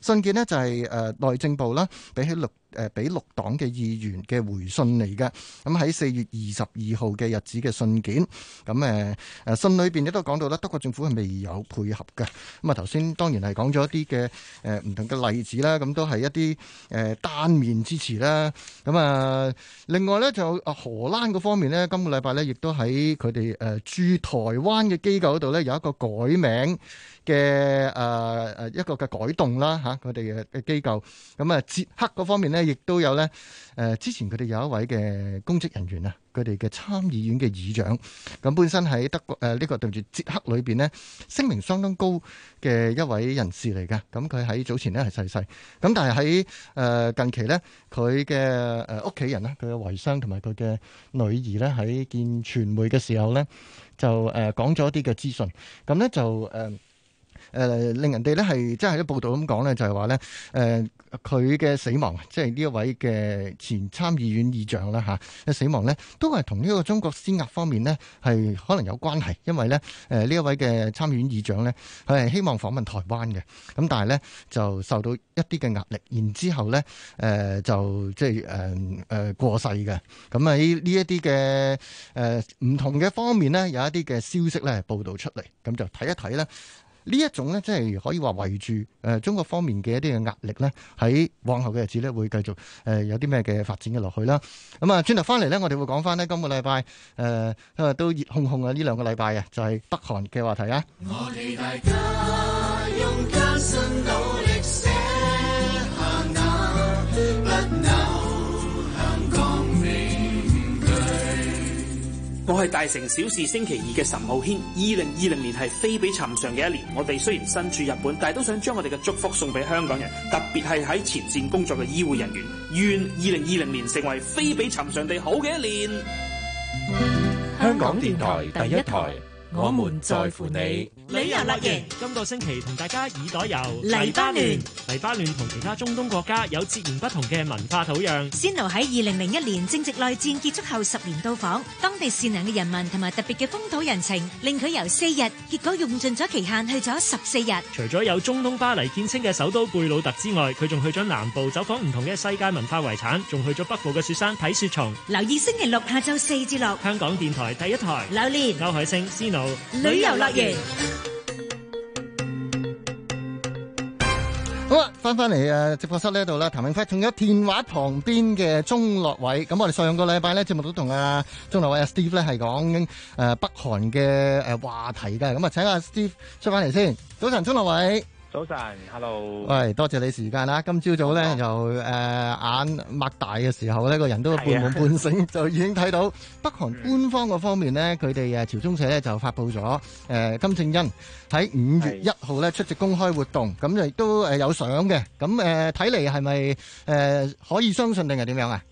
信件呢，就係誒內政部啦，比起六。誒俾綠黨嘅議員嘅回信嚟嘅，咁喺四月二十二號嘅日子嘅信件，咁誒誒信裏邊亦都講到咧，德國政府係未有配合嘅，咁啊頭先當然係講咗一啲嘅唔同嘅例子啦，咁都係一啲誒單面支持啦，咁啊另外咧就荷蘭嗰方面咧，今個禮拜咧亦都喺佢哋誒駐台灣嘅機構嗰度咧有一個改名，嘅誒誒一個嘅改動啦嚇，佢哋嘅機構咁啊、嗯、捷克嗰方面呢，亦都有咧誒、呃，之前佢哋有一位嘅公職人員啊，佢哋嘅參議院嘅議長，咁、嗯、本身喺德國誒呢、呃這個對住捷克裏邊呢，聲名相當高嘅一位人士嚟嘅，咁佢喺早前呢係逝世，咁、嗯、但係喺誒近期呢，佢嘅誒屋企人咧，佢嘅遺孀同埋佢嘅女兒咧，喺見傳媒嘅時候咧，就誒、呃、講咗一啲嘅資訊，咁、嗯、咧就誒。呃誒、呃、令人哋咧係即係啲報道咁講咧，就係話呢，誒佢嘅死亡，即係呢一位嘅前參議院議長啦吓，嘅、啊、死亡呢，都係同呢個中國施壓方面呢係可能有關係，因為呢，誒呢一位嘅參議院議長呢，佢係希望訪問台灣嘅，咁但係呢，就受到一啲嘅壓力，然之後呢，誒、呃、就即係誒誒過世嘅。咁喺呢一啲嘅誒唔同嘅方面呢，有一啲嘅消息呢報道出嚟，咁就睇一睇呢。呢一種咧，即係可以話圍住誒中國方面嘅一啲嘅壓力咧，喺往後嘅日子咧，會繼續誒有啲咩嘅發展嘅落去啦。咁啊，轉頭翻嚟咧，我哋會講翻呢。今個禮拜誒都熱烘烘啊！呢兩個禮拜啊，就係北韓嘅話題啊。 我係大城小事星期二嘅岑浩軒，二零二零年係非比尋常嘅一年。我哋雖然身處日本，但係都想將我哋嘅祝福送俾香港人，特別係喺前線工作嘅醫護人員。願二零二零年成為非比尋常地好嘅一年。香港電台第一台，我們在乎你。旅遊樂園，今個星期同大家耳朵遊黎巴嫩。黎巴嫩同其他中東國家有截然不同嘅文化土壤。仙奴喺二零零一年正值內戰結束後十年到訪當地善良嘅人民同埋特別嘅風土人情，令佢由四日結果用盡咗期限去咗十四日。除咗有中東巴黎見稱嘅首都貝魯特之外，佢仲去咗南部走訪唔同嘅世界文化遺產，仲去咗北部嘅雪山睇雪松。留意星期六下晝四至六，香港電台第一台。劉蓮、歐海星、仙奴。旅遊樂園。好啦，翻翻嚟啊！直播室呢度啦，譚永輝仲有電話旁邊嘅鍾樂偉。咁我哋上個禮拜咧節目都同阿鍾樂偉阿 Steve 咧係講誒北韓嘅誒話題噶。咁啊，請阿 Steve 出翻嚟先。早晨，鍾樂偉。早晨，hello！喂，多謝你時間啦。今朝早咧，就誒眼擘大嘅時候咧，個人都半夢半醒就已經睇到北韓官方嗰方面咧，佢哋誒朝中社咧就發布咗誒金正恩喺五月一號咧出席公開活動，咁亦都誒有相嘅。咁誒睇嚟係咪誒可以相信定係點樣啊？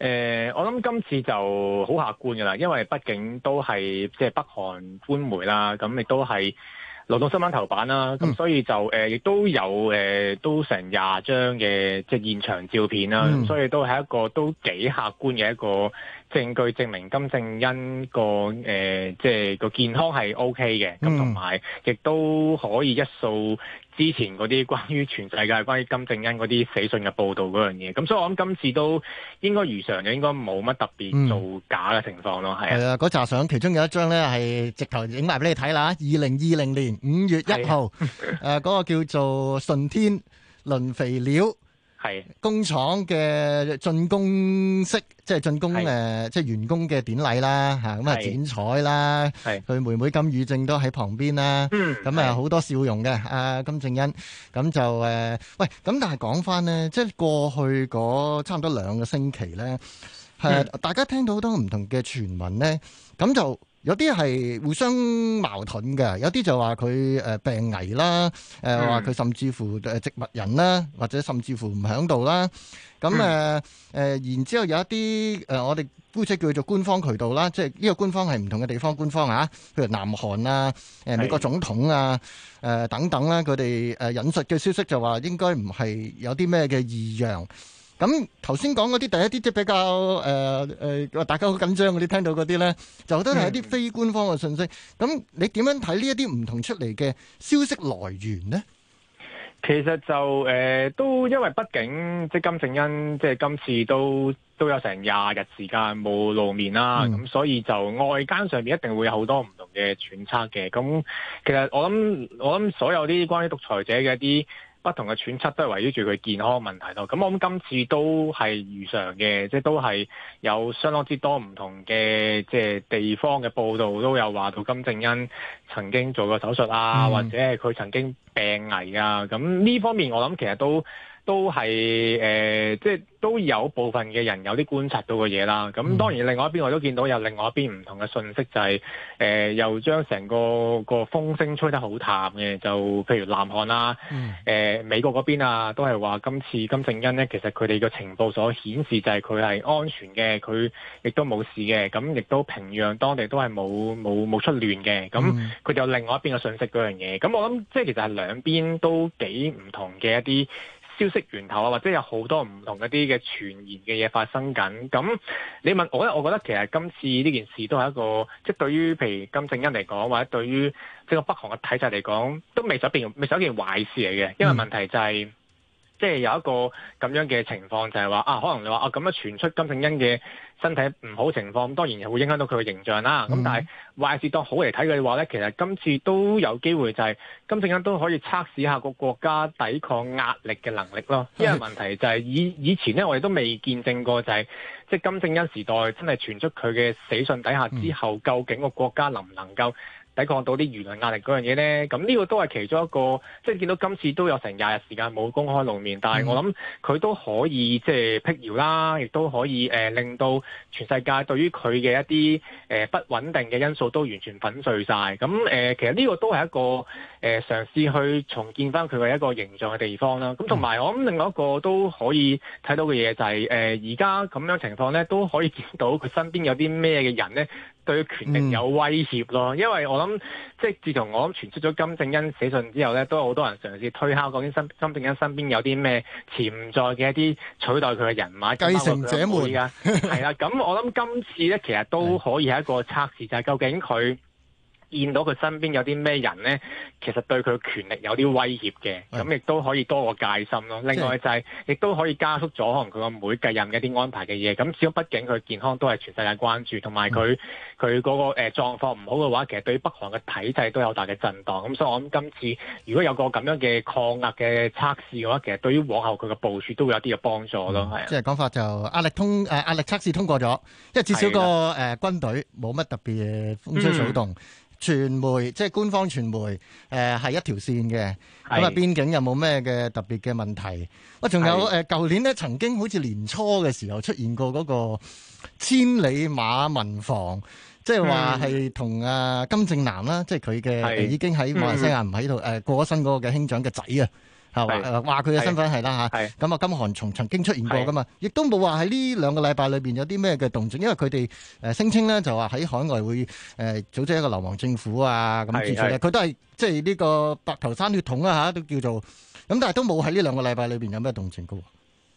誒，我諗今次就好客觀㗎喇，因爲畢竟都係即係北韓官媒啦，咁亦都係。勞動新聞頭版啦，咁所以就誒亦、呃、都有誒、呃、都成廿張嘅即係現場照片啦，咁、嗯、所以都係一個都幾客觀嘅一個證據，證明金正恩個誒、呃、即係個健康係 OK 嘅，咁同埋亦都可以一數。之前嗰啲關於全世界、關於金正恩嗰啲死訊嘅報導嗰樣嘢，咁所以我諗今次都應該如常嘅，應該冇乜特別造假嘅情況咯。係嗰扎相其中有一張咧係直頭影埋俾你睇啦，二零二零年五月一號，嗰、 呃嗰個叫做順天輪肥料。係工廠嘅竣工式，即係竣工誒、呃，即係員工嘅典禮啦，吓咁啊，剪彩啦，係佢妹妹金宇正都喺旁邊啦，嗯，咁啊好多笑容嘅，阿、啊、金正恩，咁就誒、呃，喂，咁但係講翻咧，即係過去嗰差唔多兩個星期咧，誒、呃嗯，大家聽到好多唔同嘅傳聞咧，咁就。有啲係互相矛盾嘅，有啲就話佢誒病危啦，誒話佢甚至乎誒植物人啦，或者甚至乎唔響度啦。咁誒誒，然之後有一啲誒，我哋姑且叫做官方渠道啦，即係呢個官方係唔同嘅地方官方啊，譬如南韓啊、呃、美國總統啊、誒、呃、等等啦、啊，佢哋誒引述嘅消息就話應該唔係有啲咩嘅異樣。咁頭先講嗰啲第一啲即係比較誒誒、呃呃，大家好緊張嗰啲聽到嗰啲咧，就覺得係一啲非官方嘅信息。咁、嗯、你點樣睇呢一啲唔同出嚟嘅消息來源呢？其實就誒、呃，都因為畢竟即金正恩，即係今次都都有成廿日時間冇露面啦。咁、嗯嗯、所以就外間上面一定會有好多唔同嘅揣測嘅。咁其實我諗我諗所有啲關於獨裁者嘅一啲。不同嘅揣測都係圍繞住佢健康問題囉，咁我諗今次都係如常嘅，即係都係有相當之多唔同嘅即係地方嘅報道都有話到金正恩曾經做過手術啊，或者佢曾經病危啊，咁呢方面我諗其實都。都係誒、呃，即係都有部分嘅人有啲觀察到嘅嘢啦。咁當然另外一邊，我都見到有另外一邊唔同嘅信息、就係，就係誒又將成個個風聲吹得好淡嘅，就譬如南韓啦、啊嗯呃，美國嗰邊啊，都係話今次金正恩呢，其實佢哋嘅情報所顯示就係佢係安全嘅，佢亦都冇事嘅，咁亦都平壤當地都係冇冇冇出亂嘅。咁佢就另外一邊嘅信息嗰樣嘢。咁我諗即係其實係兩邊都幾唔同嘅一啲。消息源頭啊，或者有好多唔同嗰啲嘅傳言嘅嘢發生緊。咁你問我咧，我覺得其實今次呢件事都係一個，即係對於譬如金正恩嚟講，或者對於整個北韓嘅體制嚟講，都未使變，未使一件壞事嚟嘅。因為問題就係、是。嗯即係有一個咁樣嘅情況，就係、是、話啊，可能你話啊咁樣傳出金正恩嘅身體唔好情況，當然會影響到佢嘅形象啦。咁、mm -hmm. 但係壞事當好嚟睇嘅話咧，其實今次都有機會就係金正恩都可以測試一下個國家抵抗壓力嘅能力咯。因為問題就係以以前咧，我哋都未見證過、就是，就係即係金正恩時代真係傳出佢嘅死訊底下、mm -hmm. 之後，究竟個國家能唔能夠抵抗到啲輿論壓力嗰樣嘢呢，咁呢個都係其中一個，即係見到今次都有成廿日時間冇公開露面、嗯，但係我諗佢都可以即係辟謠啦，亦都可以誒、呃、令到全世界對於佢嘅一啲誒、呃、不穩定嘅因素都完全粉碎晒。咁、呃、其實呢個都係一個。誒、呃、嘗試去重建翻佢嘅一個形象嘅地方啦，咁同埋我諗另外一個都可以睇到嘅嘢就係誒，而家咁樣情況咧，都可以見到佢身邊有啲咩嘅人咧對權力有威脅咯、嗯，因為我諗即係自從我傳出咗金正恩寫信之後咧，都有好多人嘗試推敲究竟金金正恩身邊有啲咩潛在嘅一啲取代佢嘅人馬繼承者們啊，係啦，咁 我諗今次咧其實都可以係一個測試，就係、是、究竟佢。見到佢身邊有啲咩人咧，其實對佢權力有啲威脅嘅，咁亦都可以多個戒心咯。另外就係、是，亦都可以加速咗可能佢個妹繼任嘅一啲安排嘅嘢。咁，至少畢竟佢健康都係全世界關注，同埋佢佢嗰個狀、呃、狀況唔好嘅話，其實對於北韓嘅體制都有大嘅震盪。咁所以我諗今次如果有個咁樣嘅抗壓嘅測試嘅話，其實對於往後佢嘅部署都會有啲嘅幫助咯。即係講法就是、壓力通誒壓力測試通過咗，即係至少個、呃、軍隊冇乜特別嘅風吹草動。嗯傳媒即係官方傳媒，誒、呃、係一條線嘅。咁啊，邊境有冇咩嘅特別嘅問題？我仲、啊、有誒，舊、呃、年咧曾經好似年初嘅時候出現過嗰個千里馬民房，即係話係同啊金正男啦，即係佢嘅已經喺馬來西亞唔喺度誒過咗身嗰個嘅兄長嘅仔啊。係話佢嘅身份係啦嚇，咁啊金韓松曾經出現過噶嘛，亦都冇話喺呢兩個禮拜裏邊有啲咩嘅動靜，因為佢哋誒聲稱咧就話喺海外會誒組織一個流亡政府啊咁之類，佢都係即係呢個白頭山血統啊嚇，都叫做咁，但係都冇喺呢兩個禮拜裏邊有咩動靜噶。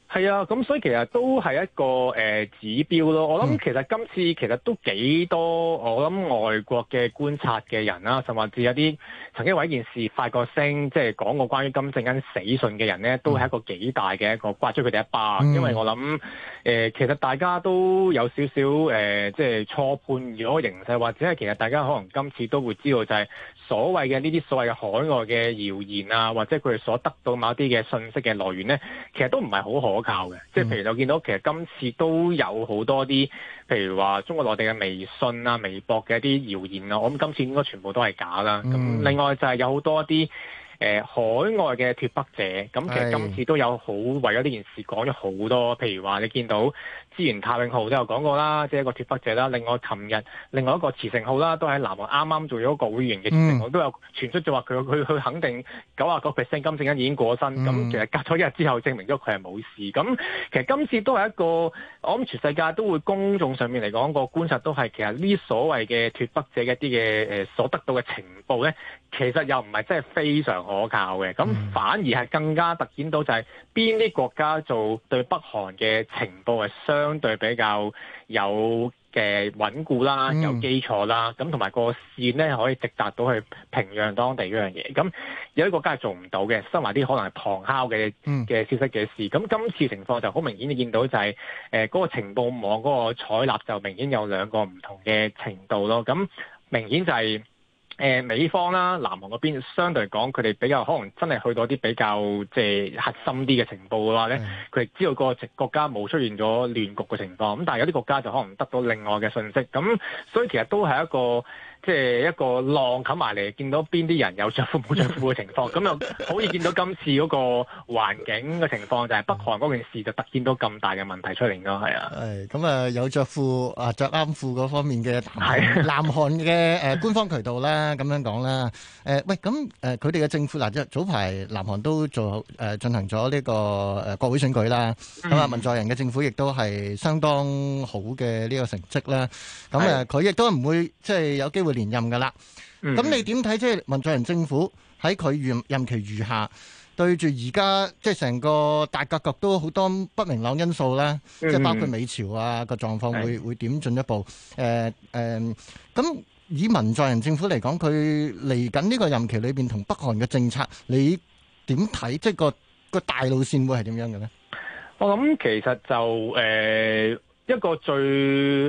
係啊，咁所以其實都係一個誒、呃、指標咯。我諗其實今次其實都幾多，我諗外國嘅觀察嘅人啦、啊，甚至有啲曾經為一件事發過聲，即係講過關於金正恩死訊嘅人咧，都係一個幾大嘅一個刮咗佢哋一巴、嗯。因為我諗誒、呃，其實大家都有少少誒、呃，即係錯判咗形勢，或者係其實大家可能今次都會知道，就係所謂嘅呢啲所謂嘅海外嘅謠言啊，或者佢哋所得到某啲嘅信息嘅來源咧，其實都唔係好好可靠嘅，即係譬如我見到，其實今次都有好多啲，譬如話中國內地嘅微信啊、微博嘅一啲謠言啊，我諗今次應該全部都係假啦。咁、嗯、另外就係有好多啲、呃、海外嘅脱北者，咁其實今次都有好為咗呢件事講咗好多，譬如話你見到。資源太永浩都有講過啦，即係一個脱北者啦。另外，琴日另外一個慈誠浩啦，都喺南韓啱啱做咗一個會員嘅。慈誠浩都有傳出就話佢佢佢肯定九啊九 percent 金正恩已經過身。咁其實隔咗一日之後，證明咗佢係冇事。咁其實今次都係一個，我諗全世界都會公眾上面嚟講，個觀察都係其實呢所謂嘅脱北者嘅一啲嘅誒所得到嘅情報咧。其實又唔係真係非常可靠嘅，咁反而係更加突顯到就係邊啲國家做對北韓嘅情報係相對比較有嘅穩固啦，嗯、有基礎啦，咁同埋個線呢，可以直達到去平壤當地嗰樣嘢。咁有啲個國家係做唔到嘅，收埋啲可能係旁敲嘅嘅消息嘅事。咁、嗯、今次情況就好明顯見到就係誒嗰個情報網嗰個採納就明顯有兩個唔同嘅程度咯。咁明顯就係、係。誒、呃、美方啦，南韓嗰邊相對嚟講，佢哋比較可能真係去到啲比較即係、呃、核心啲嘅情報嘅話咧，佢、嗯、哋知道個國家冇出現咗亂局嘅情況。咁但係有啲國家就可能得到另外嘅信息。咁所以其實都係一個。即係一個浪冚埋嚟，見到邊啲人有着褲冇着褲嘅情況，咁 又好易見到今次嗰個環境嘅情況，就係北韓嗰件事就突見到咁大嘅問題出嚟咯，係啊。誒、哎，咁啊，有着褲啊，着啱褲嗰方面嘅係南韓嘅誒官方渠道啦，咁樣講啦。誒、呃、喂，咁誒佢哋嘅政府嗱，就、呃、早排南韓都做誒進、呃、行咗呢個誒國會選舉啦，咁、嗯、啊文在寅嘅政府亦都係相當好嘅呢個成績啦。咁誒佢亦都唔會即係有機會。連任噶啦，咁、嗯、你點睇即係文在寅政府喺佢任期餘下，對住而家即係成個大格局都好多不明朗因素啦，即、嗯、係包括美朝啊，個狀況會會點進一步？誒誒，咁以文在寅政府嚟講，佢嚟緊呢個任期裏邊同北韓嘅政策，你點睇？即、就、係、是、個個大路綫會係點樣嘅呢？我諗其實就誒。呃一個最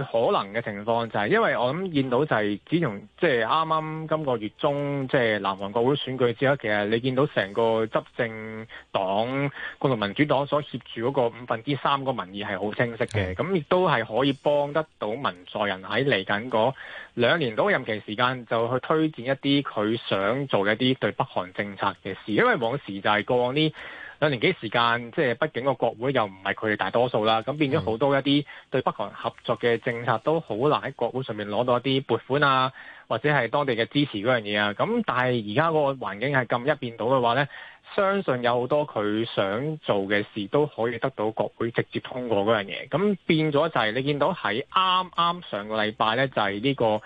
可能嘅情況就係、是，因為我咁見到就係、是，只從即係啱啱今個月中即係、就是、南韓國會選舉之後，其實你見到成個執政黨共同民主黨所協助嗰個五分之三個民意係好清晰嘅，咁亦都係可以幫得到民助人在人喺嚟緊嗰兩年到任期時間就去推薦一啲佢想做一啲對北韓政策嘅事，因為往時就係過往呢。兩年幾時間，即係畢竟個國會又唔係佢哋大多數啦，咁變咗好多一啲對北韓合作嘅政策都好難喺國會上面攞到一啲撥款啊，或者係當地嘅支持嗰樣嘢啊。咁但係而家個環境係咁一邊倒嘅話呢，相信有好多佢想做嘅事都可以得到國會直接通過嗰樣嘢。咁變咗就係你見到喺啱啱上個禮拜呢，就係呢個。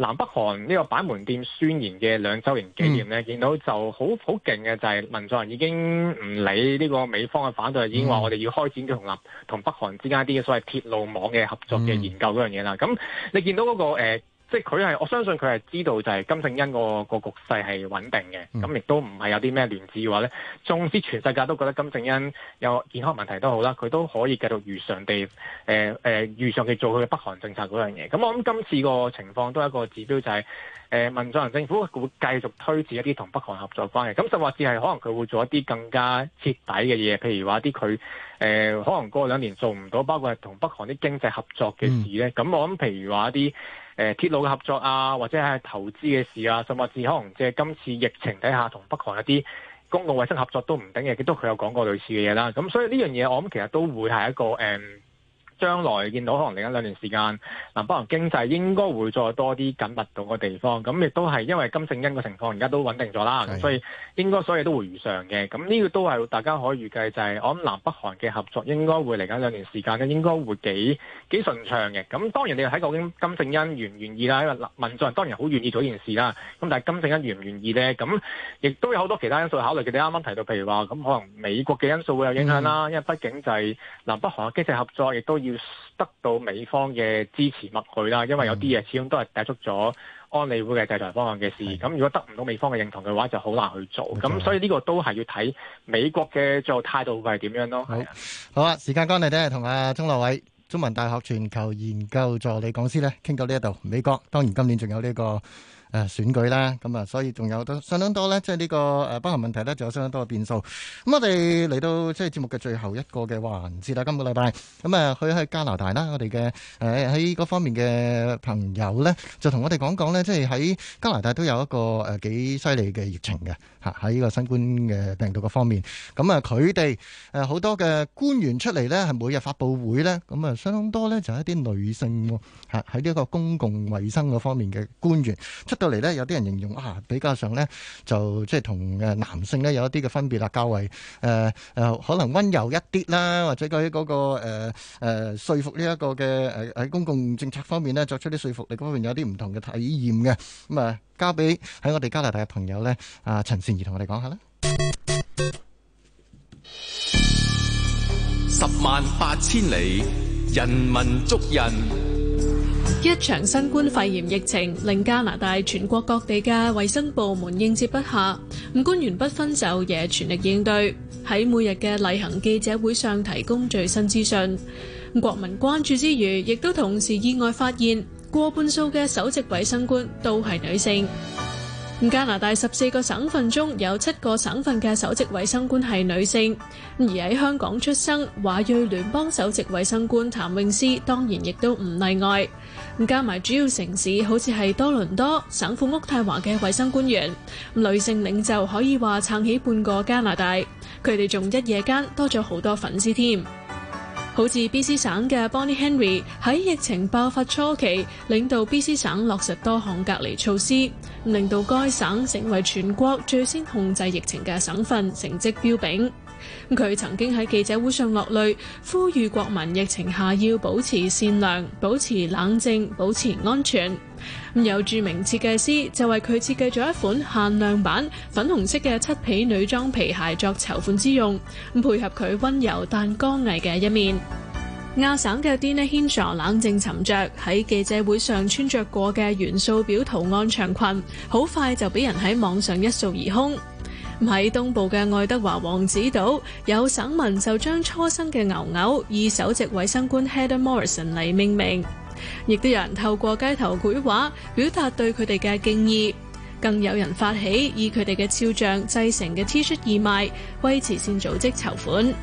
南北韓呢個板門店宣言嘅兩週年紀念咧、嗯，見到就好好勁嘅就係、是、民眾人已經唔理呢個美方嘅反對，嗯、已經話我哋要開展咗同南同北韓之間啲嘅所謂鐵路網嘅合作嘅研究嗰樣嘢啦。咁你見到嗰、那個、呃即係佢係，我相信佢係知道就係金正恩個個局勢係穩定嘅，咁亦都唔係有啲咩連綫嘅話咧，縱使全世界都覺得金正恩有健康問題都好啦，佢都可以繼續如常地誒、呃呃、上如常地做佢嘅北韓政策嗰樣嘢。咁我諗今次個情況都係一個指標就係、是，誒、呃、文在寅政府會,會繼續推遲一啲同北韓合作關係咁甚至係可能佢會做一啲更加徹底嘅嘢，譬如話啲佢誒可能過兩年做唔到，包括係同北韓啲經濟合作嘅事咧。咁、嗯、我諗譬如話啲。誒、呃、鐵路嘅合作啊，或者係投資嘅事啊，甚至可能即係今次疫情底下同北韓一啲公共衛生合作都唔定嘅，亦都佢有講過類似嘅嘢啦。咁所以呢樣嘢我諗其實都會係一個、嗯將來見到可能嚟緊兩年時間，南北韓經濟應該會再多啲緊密度嘅地方。咁亦都係因為金正恩嘅情況而家都穩定咗啦，所以應該所有嘢都會如常嘅。咁、這、呢個都係大家可以預計，就係、是、我諗南北韓嘅合作應該會嚟緊兩年時間咧，應該會幾幾順暢嘅。咁當然你睇究竟金正恩願唔願意啦，因為民眾當然好願意做呢件事啦。咁但係金正恩願唔願意呢？咁亦都有好多其他因素考慮。你啱啱提到，譬如話咁可能美國嘅因素會有影響啦、嗯，因為畢竟就係南北韓嘅經濟合作亦都。要得到美方嘅支持默許啦，因為有啲嘢始終都係提出咗安理會嘅制裁方案嘅事。咁如果得唔到美方嘅認同嘅話，就好難去做。咁所以呢個都係要睇美國嘅最後態度會係點樣咯。好，好啦，時間關係咧，同阿鍾樂偉，中文大學全球研究助理講師咧，傾到呢一度。美國當然今年仲有呢個。誒選舉啦，咁啊，所以仲有相當多咧，即係呢個誒北韓問題咧，就有相當多嘅變數。咁我哋嚟到即係節目嘅最後一個嘅環節啦，今個禮拜咁啊，佢喺加拿大啦，我哋嘅誒喺嗰方面嘅朋友咧，就同我哋講講呢，即係喺加拿大都有一個誒幾犀利嘅疫情嘅嚇喺呢個新冠嘅病毒嘅方面。咁啊，佢哋誒好多嘅官員出嚟呢，係每日發佈會呢。咁啊相當多呢，就係一啲女性嚇喺呢個公共衞生嗰方面嘅官員出。到嚟咧，有啲人形容啊，比較上咧就即係同誒男性咧有一啲嘅分別啦，較為誒誒可能溫柔一啲啦，或者喺嗰個誒誒說服呢一個嘅誒喺公共政策方面咧作出啲說服力，嗰方面有啲唔同嘅體驗嘅。咁啊，交俾喺我哋加拿大嘅朋友咧，啊陳善儀同我哋講下啦。十萬八千里，人民足印。一場新冠肺炎疫情令加拿大全國各地嘅衛生部門應接不暇，咁官員不分晝夜全力應對。喺每日嘅例行記者會上提供最新資訊，咁國民關注之餘，亦都同時意外發現過半數嘅首席衛生官都係女性。咁加拿大十四個省份中有七個省份嘅首席衛生官係女性，而喺香港出生華裔聯邦首席衛生官譚詠詩當然亦都唔例外。加埋主要城市好似係多倫多、省府渥太華嘅衛生官員，女性領袖可以話撐起半個加拿大。佢哋仲一夜間多咗好多粉絲添，好似 B.C 省嘅 Bonnie Henry 喺疫情爆發初期領導 B.C 省落實多項隔離措施，令到該省成為全國最先控制疫情嘅省份，成績彪炳。佢曾經喺記者會上落淚，呼籲國民疫情下要保持善良、保持冷靜、保持安全。有著名設計師就為佢設計咗一款限量版粉紅色嘅漆皮女裝皮鞋作籌款之用，配合佢温柔但剛毅嘅一面。亞省嘅 Deena Hinshaw 冷靜沉着喺記者會上穿着過嘅元素表圖案長裙，好快就俾人喺網上一掃而空。喺東部嘅愛德華王子島，有省民就將初生嘅牛牛以首席衛生官 Heather Morrison 嚟命名，亦都有人透過街頭繪畫表達對佢哋嘅敬意，更有人發起以佢哋嘅肖像製成嘅 T 恤義賣，為慈善組織籌款。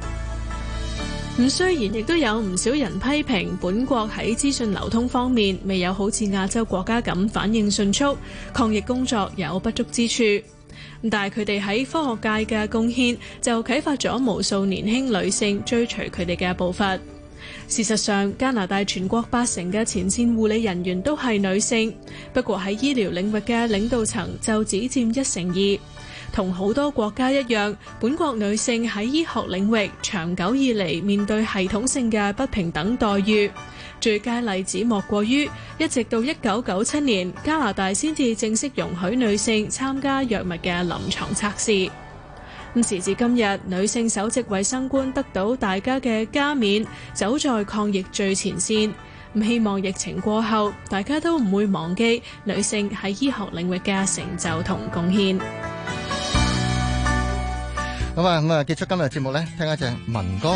咁雖然亦都有唔少人批評，本國喺資訊流通方面未有好似亞洲國家咁反應迅速，抗疫工作有不足之處。但係佢哋喺科學界嘅貢獻就啟發咗無數年輕女性追隨佢哋嘅步伐。事實上，加拿大全國八成嘅前線護理人員都係女性，不過喺醫療領域嘅領導層就只佔一成二。同好多國家一樣，本國女性喺醫學領域長久以嚟，面對系統性嘅不平等待遇。最佳例子莫過於一直到一九九七年加拿大先至正式容許女性參加藥物嘅臨床測試。咁時至今日，女性首席衛生官得到大家嘅加冕，走在抗疫最前線。咁希望疫情過後，大家都唔會忘記女性喺醫學領域嘅成就同貢獻。好啊，咁啊，結束今日節目呢，聽一隻民歌。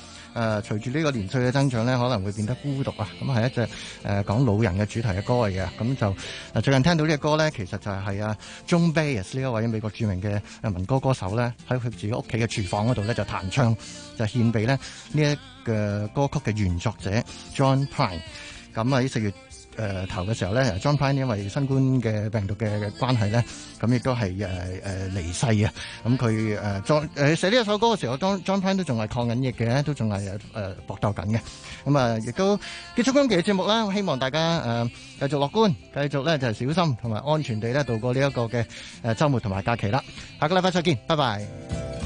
誒隨住呢個年歲嘅增長咧，可能會變得孤獨啊！咁係一隻講老人嘅主題嘅歌嚟嘅，咁就最近聽到呢隻歌咧，其實就係啊 John Baez 呢一位美國著名嘅民歌歌手咧，喺佢自己屋企嘅廚房嗰度咧就彈唱就獻畀咧呢一嘅歌曲嘅原作者 John Prine。咁喺四月。誒頭嘅時候咧，John Pine 因為新冠嘅病毒嘅關係咧，咁亦都係、呃呃、離世啊！咁佢誒寫呢一首歌嘅時候，John Pine 都仲係抗緊疫嘅，都仲係誒搏鬥緊嘅。咁啊，亦都結束今期嘅節目啦！希望大家、呃、繼續樂觀，繼續咧就係、是、小心同埋安全地咧度過呢一個嘅誒週末同埋假期啦！下個禮拜再見，拜拜。